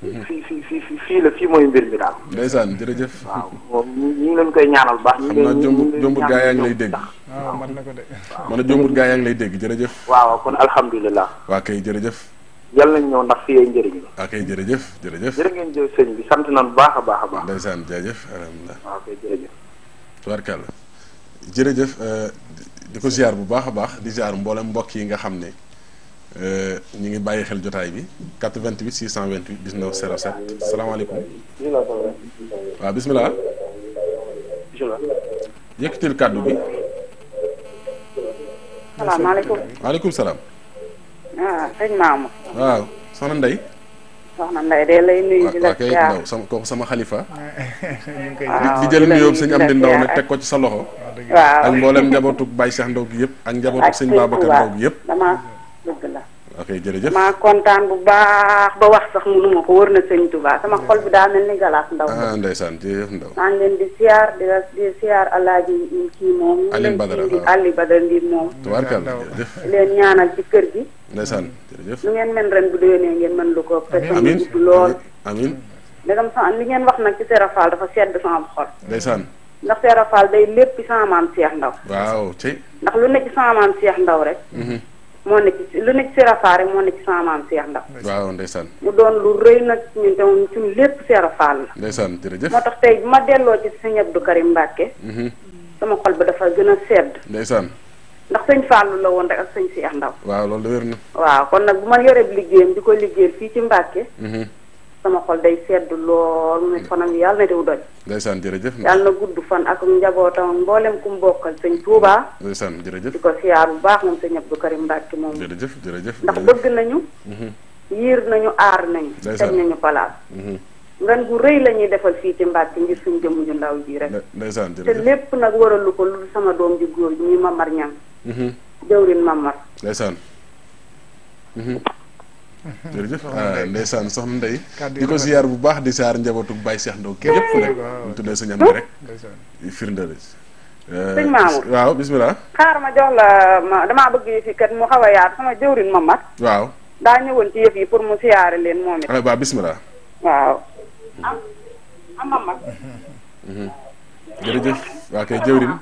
fii fii fii fii la fii mooy mbir mi daal. ndeysaan jërëjëf. waaw moom ñu leen koy ñaanal baax. ñu ngi leen ñu ngi lay dégg. Ah, man na ko de. man na jombut gaa lay dégg jërëjëf. waaw kon alhamdulilah. waa kay jërëjëf. yal nañ ñëw ndax fii ay njëriñ la. waa jërëjëf jërëjëf. jërë ngeen sant nañu baax baax baax. ndeysaan jaajëf alhamdulilah. waaw kay jërëjëf. Euh, di ko ziar bu baax a baax di ziar mboole mbokk yi nga xam ne Euh, ñu ngi bàyyi xel jotaay bi 88 628 19 07 salaamaaleykum. waaw bisimilah. bisimilah. yëkkatil kàddu bi. salaamaaleykum. waaleykum salaam. ah sëñ Maama. waaw soxna Ndeye. sama kooku sama xalifa. Ah, di jël nuyoo sëñ Amdi Ndaw nag teg ko ci sa loxo. waaw ak mboolem njabootu Baye Cheikh Ndaw gi yëpp. ak njabootu sëñ Babacar Ndaw gi yëpp. dëgg la. ok kontaan bu baax ba wax sax munuma ko wër na sëñ Touba sama xol bi daa mel ni galaas ndaw. ah ndeysaan jërëjëf ndaw. maa ngi leen di siyaar di di siyaar alaaji kii moom. Aliou ci kër gi. ndeysaan jërëjëf. lu ngeen mën ren bu déwénee ngeen mën lu ko. amiin amiin lool. amiin. ndegam li ngeen wax nag ci Serap dafa sedd sama xol. ndeysaan. ndax Serap day lépp ci sama maam Cheikh Ndaw. waaw tey. ndax lu ne ci sama maam Ndaw rek mhm. moo ne ci lu ne ci Seera Faal rek moo ne ci sama maam Cheikh Ndaw. waaw ndeysaan. mu doon lu rëy nag ñun tam suñu lépp Seera Faal la. ndeysaan jërëjëf. moo tax tey bu ma delloo ci du Abdou Karim Mbacke. Mhm. sama xol bi dafa gën a sedd. ndeysaan. ndax sëñ Fallou la woon rek ak sëñ Cheikh Ndaw. waaw loolu de wér na. waaw kon nag bu ma yoree liggéeyam di ko liggéeyal fii ci Mbacke. Mhm. sama xol day sedd lool muy fanam yàlla na diw doy ndeysaan jërëjëf yàlla na gudd fan ak njabootam mboolem ku mu bokkal sëñ Touba ndeysaan jërëjëf di ko siyaar bu baax moom sëñ Abdou Karim Mbacke moom jërëjëf jërëjëf ndax bëgg nañu mhm. yiir nañu aar nañu teg nañu palaas mhm. ngan gu rëy lañuy defal fii ci mbaat Mbacke ngir suñ jëmm ju ndaw ji rek ndeysaan jërëjëf te lépp nag lu ko lu sama doom ji góor ñuy Mamar Ñang mhm. jëwrin Mamar ndeysaan jërëjëf ah, ndeysaan soxna Ndeye di ko ziyaar bu baax di ziyaar njabootu Baye Cheikh Ndaw képp yëpp rek ñu tuddee sëñ am bi rek eh, waaw bismillah xaar ma jox la ma damaa bëgg yi kat mu xaw a yaat sama jëwrin ma mat waaw daa ñëwoon ci yëf yi pour mu siyaare leen moom it eh, waaw bismillah waaw mhm. kay jëwrin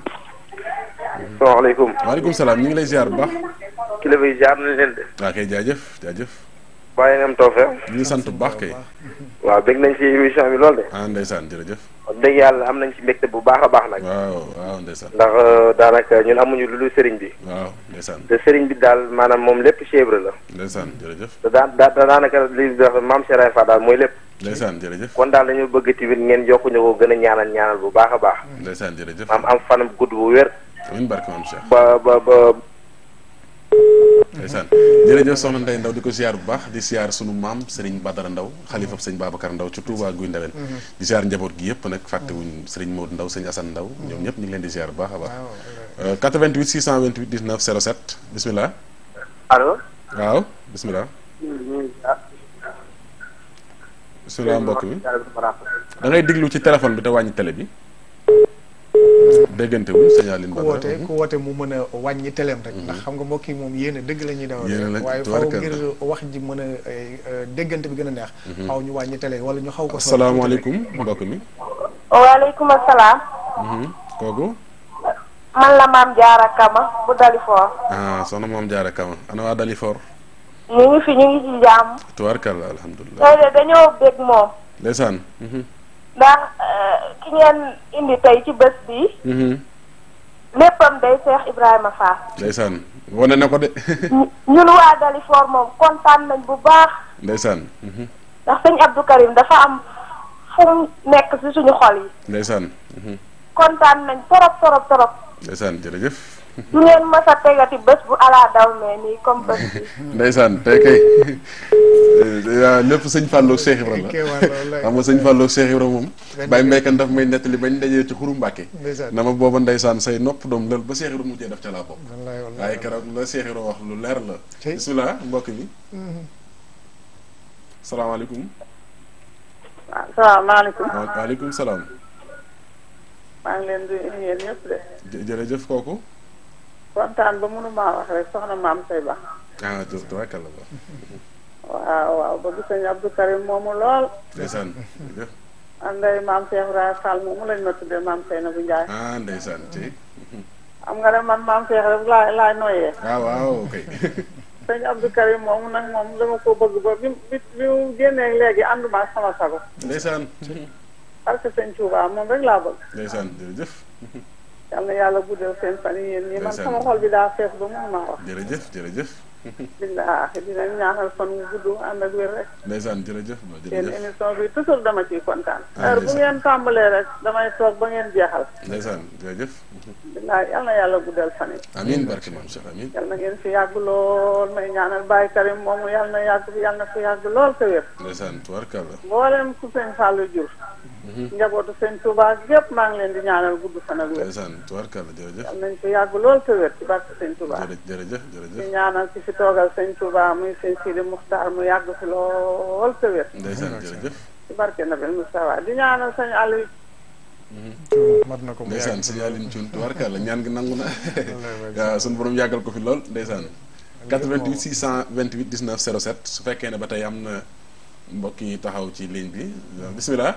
mhm. ñu ngi lay ziar bu baax waa kay jaajëf jaajëf bàyyi na am tawfeex. ñu sant bu baax kay. waaw bëgg nañ si émission bi lool de. ah ndeysaan jërëjëf. wax dëgg yàlla am nañ si mbégte bu baax a baax nag. waaw waaw ndeysaan. ndax euh, daanaka ñun amuñu lu dul sëriñ bi. waaw ndeysaan. te seriñ bi daal maanaam moom lépp chèvre la. ndeysaan jërëjëf. te daan daan daanaka li dafa maam Serigne Fall daal mooy lépp. ndeysaan jërëjëf kon daal dañoo bëgg tamit ngeen yokk ñu ko gën a ñaanal ñaanal bu baax a baax. ndeysaan jërëjëf. maam am fanam gudd bu wér. amiin barke maam Cheikh. ndeysaan jërëjëf soxna ndey Ndaw di ko ziar bu baax di ziar suñu maam Serigne Badara Ndaw xalifab sëñ Babacar Ndaw ci Touba Guy Ndawen mhm. di ziar njaboot gi yëpp nag fàttewuñ Serigne Maodo Ndaw sëñ Assane Ndaw ñoom ñëpp ñu ngi leen di ziar bu baax a baax 88 628 19 07 bismillah allo waaw bismillah bismillah mbokk bi da ngay diglu ci téléphone bi te wàññi télé bi déggante wuñ signalé. ku woote ku woote mu mën a wàññi teleem rek. ndax mhm. xam nga mbokk yi moom yéen a dëgg la ñuy dawal. waaye faaw ngir wax ji mën a eh, eh, déggante bi gën a neex. xaw mhm. ñu wàññi tele wala ñu xaw ko. asalaamaaleykum mbokk mi. waaleykum salaam. Mhm. kooku. man la maam Diarra Kama bu Dalifor. ah soxna maam Kama ana waa Dalifor. ñu ngi fi ñu ngi ci jàmm. tubaarkalla alhamdulilah. tey de dañoo bég moom. ndeysaan. ndax euh, ki ngeen indi tey ci bés bi mhm. léppam day Cheikh Ibrahima Fall ndeysaan wane na ko de ñun waa Dalifort moom kontaan nañ bu baax ndeysaan mhm. ndax sëñ Abdou Karim dafa am fu nekk ci suñu xol yi ndeysaan mhm. kontaan nañ torop torop torop ndeysaan jërëjëf du ngeen mës a tegati bés bu ala daw mee nii comme bés bi. ndeysaan tey kay lépp sëñ Fallou Cheikh la xam nga sëñ Fallou Cheikh moom. bàyyi mbéykat daf may nettali bañ dajee ci xuru Mbàkke. na ma booba ndeysaan say nopp doom loolu ba Cheikh mujjee def ca laa bopp. waaye keroog la Cheikh wax lu leer la. bisimilah mbokk bi. Mm-hmm. salaamaaleykum. waaw salaamaaleykum. waaleykum salaam. maa ngi kooku. kontaan ba mënumaa wax rek soxna maam say ba ah tur tubaakalla ba waaw waaw ba gis nañu Abdou moomu lool ndeysaan am nday maam Cheikh Ibrahima Fall moomu lañ ma tuddee maam bu Ndiaye ah ndeysaan ci am nga ne man maam Cheikh rek laa laa nooyee ah, waaw waaw kay sëñ Abdou Karim nag moom dama ko bëgg ba bi bi mu génnee léegi ànduma sama sago ndeysaan parce que sëñ Touba rek laa bëgg ndeysaan jërëjëf yal na yàlla guddal seen fan yéen ñi man sama xol bi daa fees ba mënu maa wax jërëjëf jërëjëf billaahi dinañ ñaaxal fan wu gudd bi toujours dama ciy kontaan heure bu ngeen tàmbalee rek damay toog ba ngeen jeexal ndeysaan jërëjëf billaahi yal na yàlla guddal fan yi amiin barke maam Cheikh amiin yal na ngeen fi yàgg lool may ñaanal Baye Karim moomu yal na yàgg yal fi yàgg lool te wér ndeysaan tubarkàlla mboolem ku seen fàllu jur Mhm. njabootu sëñ Touba yëpp maa ngi leen di ñaanal gudd fan ak wér. ndeysaan tubarkalla jërëjëf. am nañ ko yàgg lool te wér ci barke sëñ Touba. jërëjëf jërëjëf di ñaanal ci fi toogal sëñ Touba muy sëñ Sidi Muxtaar mu yàgg fi lool mhm. na ko mu yàgg ndeysaan sëñ Aliou Thioune tubarkalla ñaan gi nangu na. waaw sunu borom yàggal ko fi lool ndeysaan. 88 628 19 07 su fekkee ne ba tey am na mbokk yi taxaw ci ligne bi bismillah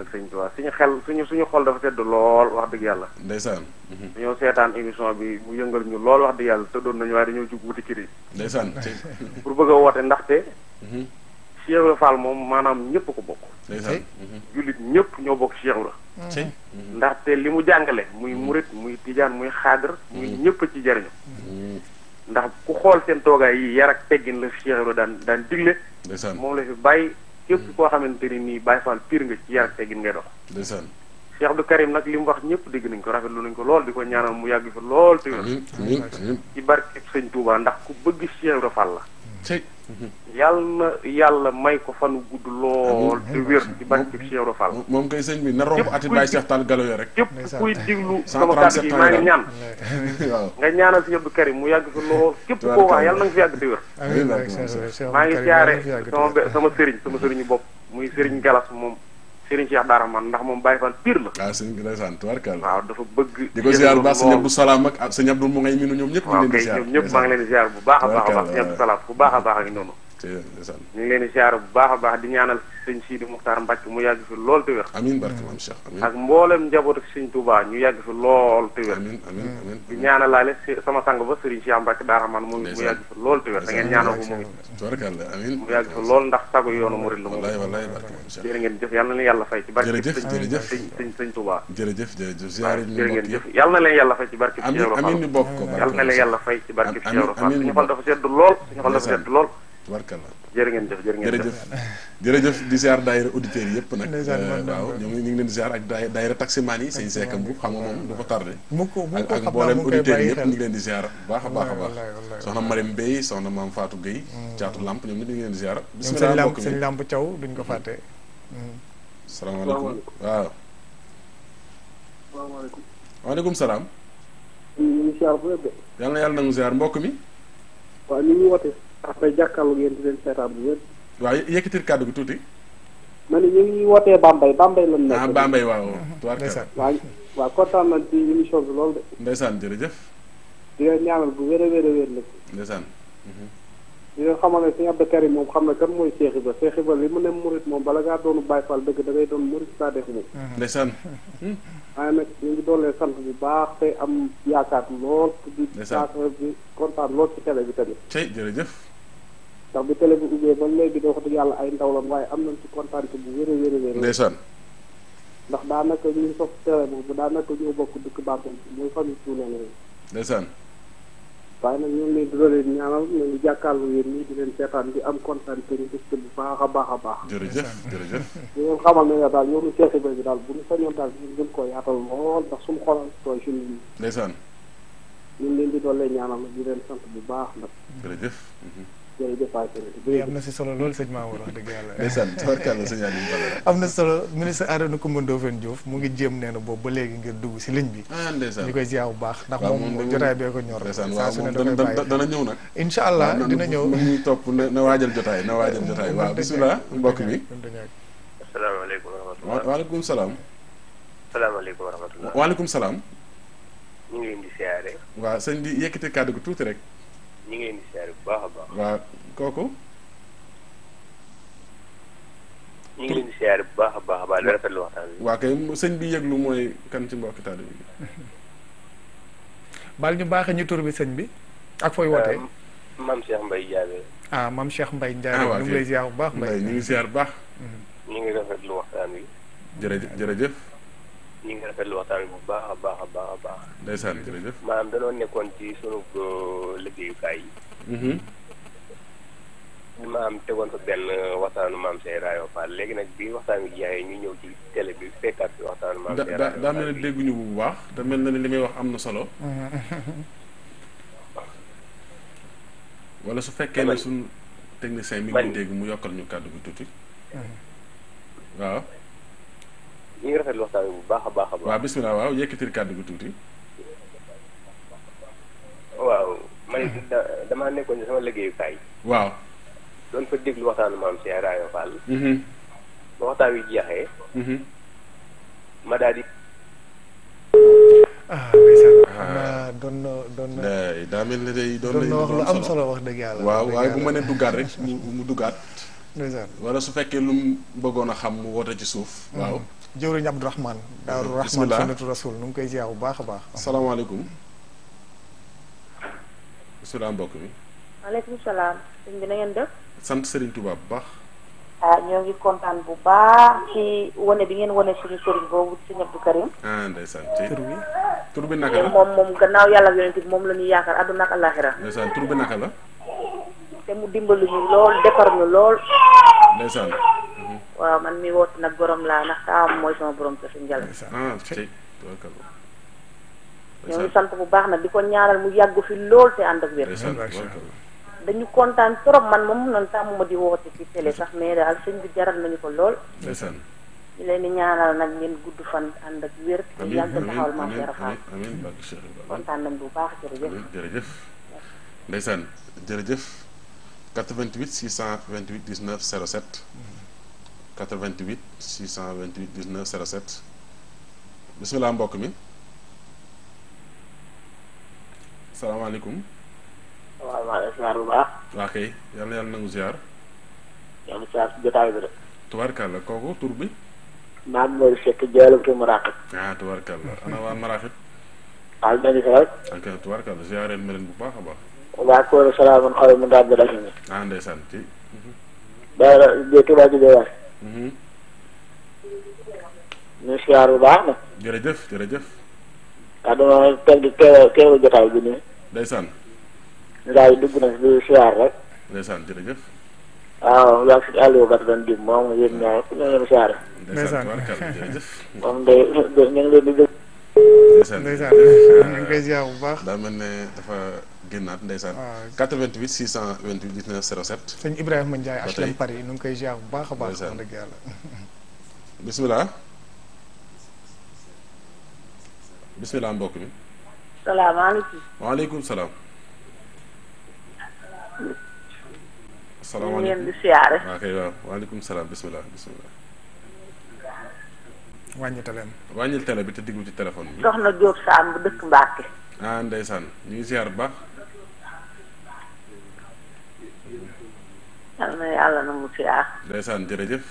ak sëñ Tuubaa suñu xel suñu suñu xol dafa sedd lool wax dëgg yàlla. ndeysaan. Mhm. dañoo seetaan émission bi mu yëngal ñu lool wax dëgg yàlla tëddoon nañu waaye dañoo jug wuti kër yi. ndeysaan. pour bëgg a woote ndaxte. Mhm. Cheikh Ibra Fall moom maanaam ñëpp ko bokk. ndeysaan. Mhm. jullit ñëpp ñoo bokk Cheikh Ibra. ndaxte li mu jàngale muy murit muy tijaan muy xaadar. muy ñëpp ci jariñu ndax ku xool seen toogaay yi yar ak teggin la Cheikh Ibra daan daan digle. moom la fi bàyyi. képp koo xamante ni nii Baye Fall pire nga ci yar ak teggin ngay dox. ndeysaan. Cheikh Abdou Karim nag li mu wax ñëpp dégg nañ ko rafetlu nañ ko lool di ko ñaanal mu yàgg ko lool. te wér ci barkeb sëñ Touba ndax ku bëgg Cheikh Ibra Fall la. Mhm. yàlla na yàlla may ko fanu gudd lool te wér ci barke Cheikh Ibra Fall moom kay sëñ bi na romb ati Baye Cheikh Tall Galo yo rek képp kuy diglu sama kàddu gi maa ngi ñaan nga ñaanal si Abdou Karim mu yàgg fi lool képp koo wax yàlla na nga fi yàgg te wér maa ngi siyaare sama sëriñ sama sëriñu bopp muy sëriñ Galas moom Serigne Cheikh Daara man ndax moom Baye Fall pire la waaw ah, sëñ ndeysaan tubaarkalla waaw dafa bëgg di ko ziar bu baax sëñ Abdou Salam ak sëñ Abdou mu ngay minu ñoom ñëpp ñu leen di ziar ñoom bu baax a baax a baax sëñ Abdou Salam bu baax a baax ak noonu ñu ngi leen di siyaar bu baax a baax di ñaanal sëñ Sidi Muxtaar Mbàkke mu yàgg fi lool te wér amiin barke maam Cheikh amiin mboolem njabootu sëñ Touba ñu yàgg fi lool te wér amiin amiin amiin di sama sang ba sëriñ Cheikh daa xamaan mu mu yàgg fi lool te wér da ngeen ko moom tubarkalla amiin mu yàgg ndax sago yoonu murid la moom wallaay wallaay barke ngeen jëf yal na leen yàlla fay ci barke sëñ sëñ Touba jërëjëf jërëjëf siyaare jërë yàlla fay ci barke amiin ñu fay ci barke fi ñu fal dafa lool suñu fal dafa sedd lool tubarkalla jërë ngeen jëf jërë ngeen jëf jërëjëf di ziar daayira auditeurs yëpp nag eh, waaw ñu ngi leen di ziar ak daayira taximaan yi sëñ Seck Mbuub xam nga moom du ko tardé ak mboolem auditeurs yi yëpp ñu ngi leen di ziar baax a baax a baax soxna Mariam Mbaye soxna Maam Fatou Gueye caatu mm. lamp ñoom ñu ngi leen di ziar bismillah mbokk mi sëñ Lamp Thiaw duñ ko fàtte mm. Mm. salaamaaleykum waaw salaamaaleykum waaleykum salaam ñu ngi ziar bu yàlla na yàlla nangu ziar mbokk mi waaw ñu ngi woote ndax may jàkkaarloog yéen di leen seetaan bu wér. waaw yëkkatil kàddu gi tuuti. ma ne ñu ngi wootee Bambey Bambey lan nekk. ah Bambey waaw mhm. waaw. kontaan nañ ci émission bi lool de. ndeysaan bu wér a wér a wér la. ndeysaan. Mhm. di nga xamal ne moom xam na kan mooy Cheikh ba Cheikh Ibra li mu ne murit moom bala ngaa doonu Baye Fall dëgg da ngay doon murit sa def moom. Mhm. ndeysaan. waaye nag ñu ngi doolee sant bu baax tey am yaakaar lool. ndeysaan di kontaan lool ci télé bi tamit. tey jërëjëf. ndax bu télé bi ubbee ba léegi de wax dëgg yàlla ay ndaw lan waaye am nañ ci kontaan bu wér a wér a wér ndeysaan ndax daanaka ñu ngi sos daanaka ñoo bokk dëkk baaxul muy famille Cuune la ndeysaan waaye nag ñun lii di leen ñaanal ñu ngi jàkkaarloo yéen ñii di leen seetaan di am kontaan te ñu gis bu baax a baax a baax. jërëjëf jërëjëf. ñu ngeen xamal ne daal ñoom Cheikh Ibrahima daal bu ñu sañoon daal ñu gën koo yaatal lool ndax suñu xolal tooy si ñun. ndeysaan. ñu ngi leen di doole ñaanal di leen sant bu baax nag. am na si solo loolu sëñ Mamour wax dëgg yàlla ndeysaan tabarkàlla sëñ Aliou Badara am na solo ministre Arona Coumba Ndoffène Diouf mu ngi jéem nee na boobu ba léegi ngir dugg si ligne bi ah, ñu koy ziar bu baax ndax moom jotaay bee ko ñor saa su ne dana ñëw nag incha allah dina ñëw mu ñuy topp na waajal jotaay na waajal jotaay waaw bisimilah mbokk mi asalaamaaleykum wa rahmatulah waaleykum salaam asalaamaaleykum wa rahmatulah waaleykum salaam ñu ngi leen di siyaare waaw sëñ bi tuuti rek ñu ngi indi siyaare bu baax a baax. waaw kooku. ñu bu baax a baax a baax di rafetlu waxtaan bi. waaw kay sëñ bi yëglu mooy kan ci mbokk taalibe bi. bal ñu baaxee ñu tur bi sëñ bi ak fooy wootee. Euh, maam Cheikh Mbaye Ndiaye. ah maam Cheikh Mbaye Ndiaye. ah ñu ngi lay baax Mbaye ñu ngi ziar bu baax. Mhm. ñu ngi rafetlu waxtaan wi. jërëjëf jërëjëf. ñu ngi rafetlu waxtaan bi bu baax a baax a baax a baax. ndeysaan jërëjëf. maanaam danoo nekkoon ci sunu uh, liggéeyukaay yi. ñu mm-hmm. maam tegoon fa benn uh, waxtaanu maam Seye Rayo Fall léegi nag bii waxtaan wi jeexee ñu ñëw ci télé bi fekkaat fi waxtaanu maam Seye Rayo Fall daa mel ne dégguñu bu baax te mel na ne li may wax am na solo. wala su fekkee ne suñu technicien mi ngi dégg mu yokkal ñu kàddu bi tuuti. Mm-hmm. waaw. ñu rafet rafetlu waxtaan bu baax a baax a baax. waaw bisimilah waaw yëkkatil kàddu gi tuuti. waaw may damaa nekkoon ci sama liggéeyukaay. waaw. doon fa déglu waxtaanu maam Cheikh Ibrahima Fall. Mm-hmm. waxtaan wi jeexee. Mm-hmm. ma daal di. Ah, ah. doon na doon na. am solo wax dëgg yàlla. waaw waaye bu ma ne duggaat rek mu mu duggaat. wala su fekkee lu mu bëggoon a xam mu woote ci suuf. waaw. Mm-hmm. jëwriñ Abdourahmane Daaru Rahman sunnatu rasul nu ngi koy ziar bu baax a baax asalaamaaleykum bisimilah mbokk mi maaleykum salaam sëñ bi na ngeen def sant Serigne Touba bu baax ah ñoo ngi kontaan bu baax ci wane bi ngeen wane suñu sëriñ boobu sëñ Abdou Karim ah ndeysaan moom moom gannaaw yàlla ak yonent bi moom la ñuy yaakaar àdduna ak àllaaxira ndeysaan tur bi naka la te mu dimbalu ñu lool défar ñu lool. ndaysan mhm. waaw man mi woote nak borom la nak taam moy sama borom ci suñu jàll. ah sant bu baax nak diko ñaanal mu yàgg fi lool te and ak wér. dañu contane torop man mom non tàmm ma di wote ci télé sax mais dal señ bi jaral nañu ko lool. ndaysan ñu leen ñaanal nak ngeen gudd fan and ak wér. ci yàgg taxawal ma amin maam Cheikh Fall. kontaan nañ bu baax jërëjëf. jërëjëf ndeysaan jërëjëf. 88 628 19 07 88 628 19 07 bismillah mbokk mi salaamaaleykum waaw maa ngi ziar bu baax nangu ziar yalla ngi ziar bi de tubaarkàlla kooku tour bi maa ngi mooy sekk ko tu maraqib ah tubaarkàlla ana wa maraqib al dañu fa ak ok ziaré melen bu baax baax waa Kóor Salaamaaleykum xaw ma daal di rafetlu. ah ndeysaan ci. Daara de Touba ji mhm. Gueye bu baax na. jërëjëf jërëjëf. ah dama teg di teew teewu jotaay bi dugg nag di siyaar rek. ndeysaan jërëjëf. waaw yaa ngi si Aliou kat doon dim moom yéen ñaar ku moom day ñu ngi leen di bu baax. daa mel dafa. génnaat ndeysaan 88 628 19 07 sëñ Ibrahima Ndiaye HLM Paris nu ngi koy ziar bu baax a baax wax dëgg yàlla bismillah bismillah mbokk mi salaamaaleykum waaleykum salaam salaamaaleykum ñu ngi leen di salaam bismillah bismillah wàññi wàññil télé bi te diggu ci téléphone bi. soxna bu dëkk Mbacke. ah ndeysaan ñu ngi ziar bu baax. yal na yàlla na mu si aar. ndeysaan jërëjëf.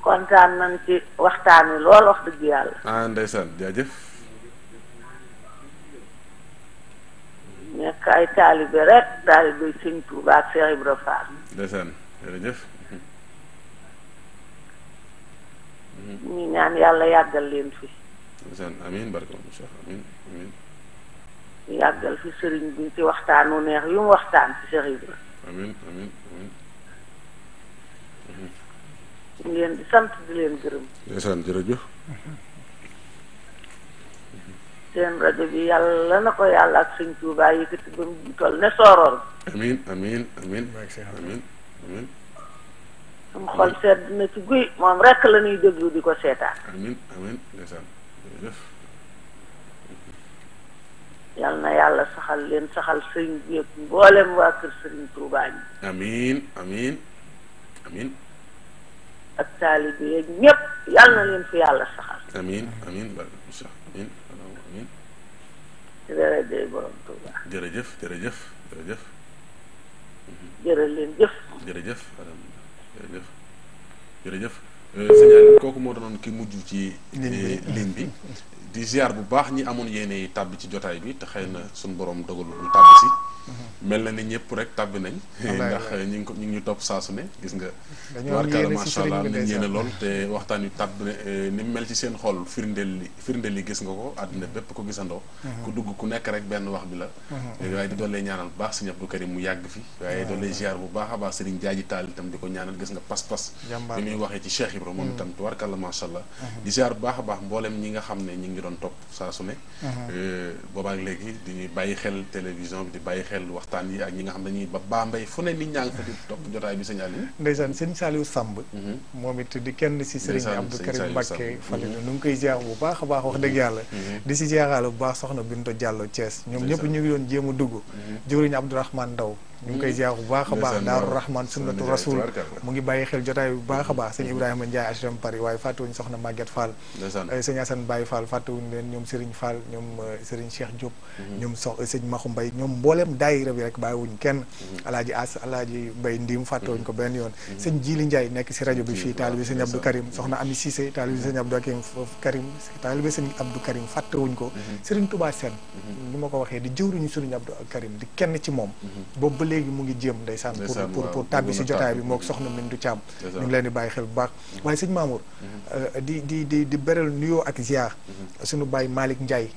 kontaan nañ ci waxtaan wi lool wax dëgg yàlla. ah ndeysaan jaajëf. nekk ay taalibe rek taalibe Sëñ Tuuba ak Cheikh Ibra Fall. ndeysaan jërëjëf. ñu ñaan yàlla yàggal leen fi. ndeysaan amiin barke Cheikh amiin amiin. yàggal fi sëriñ bi ci waxtaan wu neex yu mu waxtaan ci Cheikh Ibra. amiin amiin amiin. leen di sant di leen gërëm. ndeysaan jërëjëf. seen yàlla na ko yàlla ak sëñ Tuubaa yëkkati ba mu toll ne sooroon. amiin amiin amiin amiin amiin. suñu xol sedd na ci rekk la ñuy di ko seetaan. yal na yàlla saxal leen saxal sëriñ bi yëpp mboolem waa kër sëriñ Touba ñi amiin amiin ak taalibe yeeg ñëpp leen fi yàlla saxal amiin amiin ba sax amiin amiin ci daraja borom Touba jërëjëf jërëjëf jërëjëf jërë leen jëf jërëjëf jërëjëf jërëjëf euh, kooku moo doon ki mujj ci ligne bi euh, di ziar bu baax ñi amone yene yi tàbbi ci jotay bi te xëy na borom dogal ñu tabbi si melna ni ñepp rek tabbi nañ ndax ñi ngi ñu top saa su ne gis nga ma sha allah ñi ñene lool te waxtaan yu tabbi eh, ni mel ci seen xol firndel li firndel li gis nga ko aduna mm-hmm. bepp ko gisando mm-hmm. ku dugg ku nekk rek ben wax bi la mm-hmm. eh, waaye di do lay ñaanal baax señ Abdou Karim mu yagg fi do lay ziar bu baax ba señ jaaji taal itam di ñaanal gis nga pas-pas bi muy waxe ci Cheikh Ibrahima moom itam ma sha allah di ziar baax baax mboolem ñi nga xamne ñi ñu doon topp saa su ne. Uh-huh. Euh, boobaak léegi dañuy bàyyi xel télévision bi di bàyyi xel waxtaan yi ak ñi nga xam dañuy ba bambay fu ne nit ñaa ngi fa di topp jotaay bi sëñ Aliou. ndeysaan sëñ Saliou Samb. Uh-huh. moom it di kenn si sëriñ Abdou Karim Mbacké uh-huh. nu ngi koy ziar bu baax a baax wax dëgg yàlla. di si ziaraale bu baax soxna Binto Diallo Thiès ñoom ñëpp ñu ngi doon jéem a dugg. jëwriñ Abdourahmane Ndaw ñu ngi koy ziar bu baax a baax daaru rahman sunnatu rasul mu ngi bàyyi xel jotaay bu baax a baax sëñ ibrahima ndiaye HLM Paris waaye fàttewuñ soxna Maguette Fall eh, sëñ Assane Baye Fall fàttewuñ leen ñoom Serigne Fall ñoom eh, Serigne Cheikh Diop mm-hmm. ñoom sox eh, sëñ Maxu Mbay ñoom mbooleem daayira bi rek wuñ kenn mm-hmm. alaaji as alaaji Mbay fàtte wuñ ko mm-hmm. benn yoon sëñ Jili Ndiaye nekk si rajo bi fii taalibi sëñ Abdou Karim soxna Ami Cissé taalibi sëñ Abdou Karim Karim taalibi sëñ Abdou Karim fàttewuñ ko Serigne Touba Sène ni ma ko waxee di jëwriñu Serigne Abdou Karim di kenn ci moom léegi mu ngi jéem ndeysaan pour pour pour tàbbi si jotaay bi mook soxna Mindu Caam ñu ngi leen di bàyyi xel bu baax mhm. waaye sëñ Mamour mhm. euh, di di di di beral nuyoo ak ziar mhm. sunu bàyyi Malick Ndiaye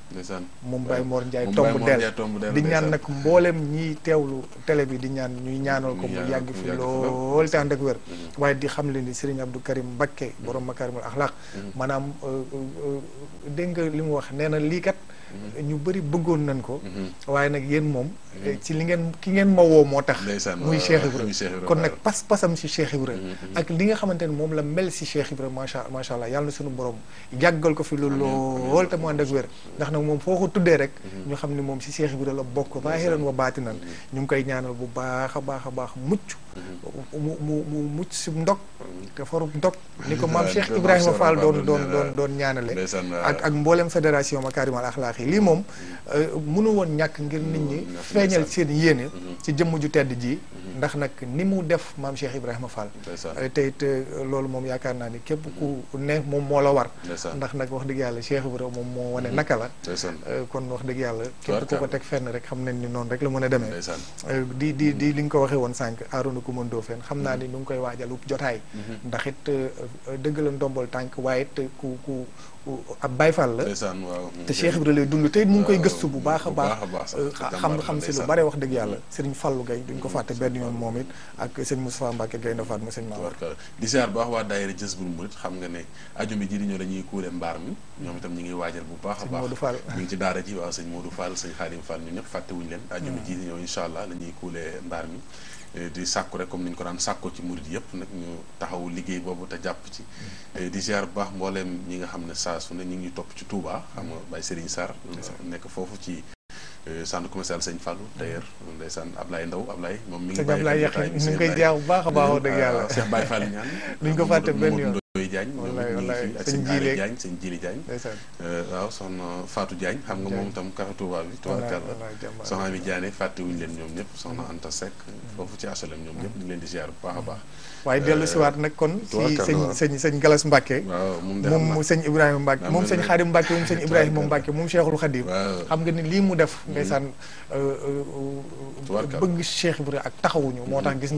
moom Baye Mor Ndiaye tomb del di ñaan nag mboolem ñiy teewlu télé bi di ñaan ñuy ñaanal ko mu yàgg fi lool te ànd ak wér waaye di xam leen ni Serigne Abdou Karim Mbakke borom Makarimul Axlaaq maanaam euh, euh, dégg nga li mu wax nee na lii kat Mm-hmm. ñu bëri bëggoon nañ ko. Mm-hmm. waaye nag yéen moom. Mm-hmm. Eh, ci li ngeen ki ngeen ma woo moo tax. muy Cheikh Ibrahima kon nag pas pasam si Cheikh Ibrahima. ak li nga xamante ne moom la mel si Cheikh Ibrahima macha macha allah yàlla na suñu borom jàggal ko fi lu lool te mu ànd ak ndax nag moom foo ko tuddee rek. ñu xam ni moom si Cheikh Ibrahima la bokk. zahiran baati baatinan ñu ngi koy ñaanal bu baax a baax a baax mucc. mu mu mu mucc si ndog mm-hmm. te farub ndog ni ko maam ah, Cheikh Ibrahima Fall doon doon doon doon ñaanale ak ak mboolem fédération Makarimal Akhlaq yi lii moom mënu mm-hmm. euh, woon ñàkk ngir nit ñi mm-hmm. feeñal seen yéene ci jëmm ju tedd ji ndax nag ni mu def maam Cheikh Ibrahima Fall euh, te it euh, loolu moom yaakaar naa ni képp ku ne moom moo la war ndax nag wax dëgg yàlla Cheikh Ibrahima moom moo wane naka la kon wax dëgg yàlla képp ku ko teg fenn rek xam nañ ni noonu rek la mën a demee di di di li nga ko waxee woon sànq Arouna lu ko mën doo fen xam naa ni nu ngi koy waajalu jotaay mhm. ndax it euh, euh, dëgg la ndombol tànk waaye te ku ku ab bayfal la te Cheikh Ibra lay dund te mu ngi koy gëstu bu baax a baax euh, xam xam si lu bare wax dëgg yàlla mhm. Serigne Fallou gay duñ ko mhm. fàtte benn yoon moom it ak Serigne Moustapha Mbacke Gaye na faat mu Serigne Maodo di ziar bu baax waa daayira Jazbul Murid xam nga ne aju bi ji di ñëw dañuy kuure mbaar mi ñoom itam ñi ngi waajal bu baax a baax ñu ngi ci daara ji waaw Serigne Modou Fall Serigne Khadim Fall ñu ñëpp fàtte leen hmm. aju bi ji di ñëw incha allah la ñuy kuule mbaar mi Eh, di sàkku rek comme ni ñu ko daan sàkko ci murit yëpp nag ñu taxaw liggéey boobu te jàpp ci mm. eh, di ziar bu baax mbooleem ñi nga xam ne saa su ne ñu ngi topp ci Touba xam nga Baye Serigne Sarr mm. nekk foofu ci eh, centre commercial Sëñ Fallou mm. d'ailleurs ndeysaan Ablaye Ndaw Ablaye moom mi ngi koy jaaw bu baax a baax dëgg ah, yàlla Cheikh Baye Fall ñaan duñ ko fàtte benn yoon Boy Diagne ñoom it ñu ngi fi ak sëñ Aali Diagne sëñ Jili Diagne euh, waaw soxna Fatou Diagne xam nga moom itam kara Touba bi tubaarkàlla soxna Ami Diagne euh, kon si sëñ sëñ sëñ Galas Mbàkke waaw moom sëñ Ibrahima Mbàkke moom sëñ Xaadim Mbàkke moom sëñ Ibrahima Mbàkke moom def mm-hmm. ndeysaan euh, bëgg Cheikh Ibrahima ak taxawuñu moo tax mm-hmm. gis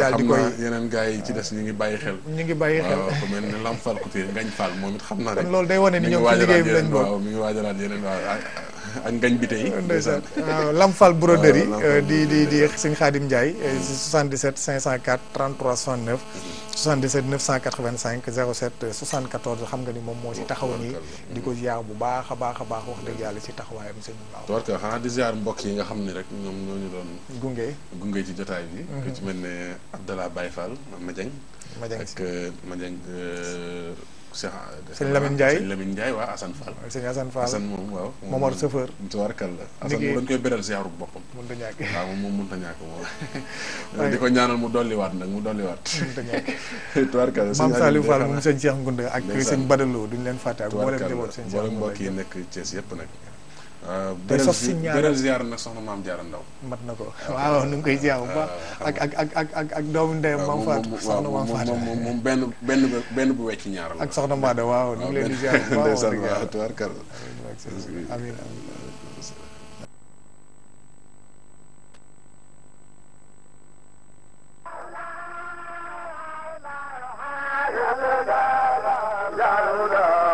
nga mu des ñu ngi bàyyi xel. ñu ngi bàyyi xel waaw ku mel ne Lam Fall Couture Ngañ Fall moom it xam naa ne. kon loolu day wane ni ñoom ci liggéey bi lañ bokk ngi waajalaat yeneen waaw mi ngi waajalaat yeneen waaw ak ngañ bi tey. ndeysaan waaw Lamfal broderie euh, di di di sëñ Xaadim Ndiaye. 77 504 33 69. 77 985 07 74 xam nga ni moom moo ci taxaw nii. di ko ziar bu baax a baax a baax wax dëgg yàlla si taxawaay sëñ Ba. toor ka xanaa yi nga xam ne rek moom ñoo ñu doon. gunge gunge ci jotaay bi. Mhm. ku ci mel ne Abdallah Baye Fall Madieng. Madieng ak euh, Madieng. Euh, sëñ Lamine Ndiaye sëñ Lamine Ndiaye waa Assane Fall. sëñ Assane Fall Assane moom waaw. Momar la. Assane moom dañ koy beral ziyaaru boppam. mënut a ñàkk waaw moom mënut a ñàkk moom. di ko ñaanal mu dolliwaat nag mu dolliwaat. mënut a ñàkk tubaarkal la maam Saliou Fall moom sëñ Cheikh Ngounda ak sëñ Badaloo duñ leen fàtte ak. tubaarkal la mboolem mbokk yi nekk Thiès yëpp nag. Euh, beral beral ziar nag soxna maam Jaara Ndaw mat na ko waaw nu ngi koy ziar bu baax ak euh, ak ak ak ak ak doomu ndeyam maam Fatou soxna maam Fatou moom moom benn benn benn bu wecc ñaar la ak soxna Mbada waaw nu ngi leen di ziar bu baax ndeysaan tubaarkalla amiin amiin la la la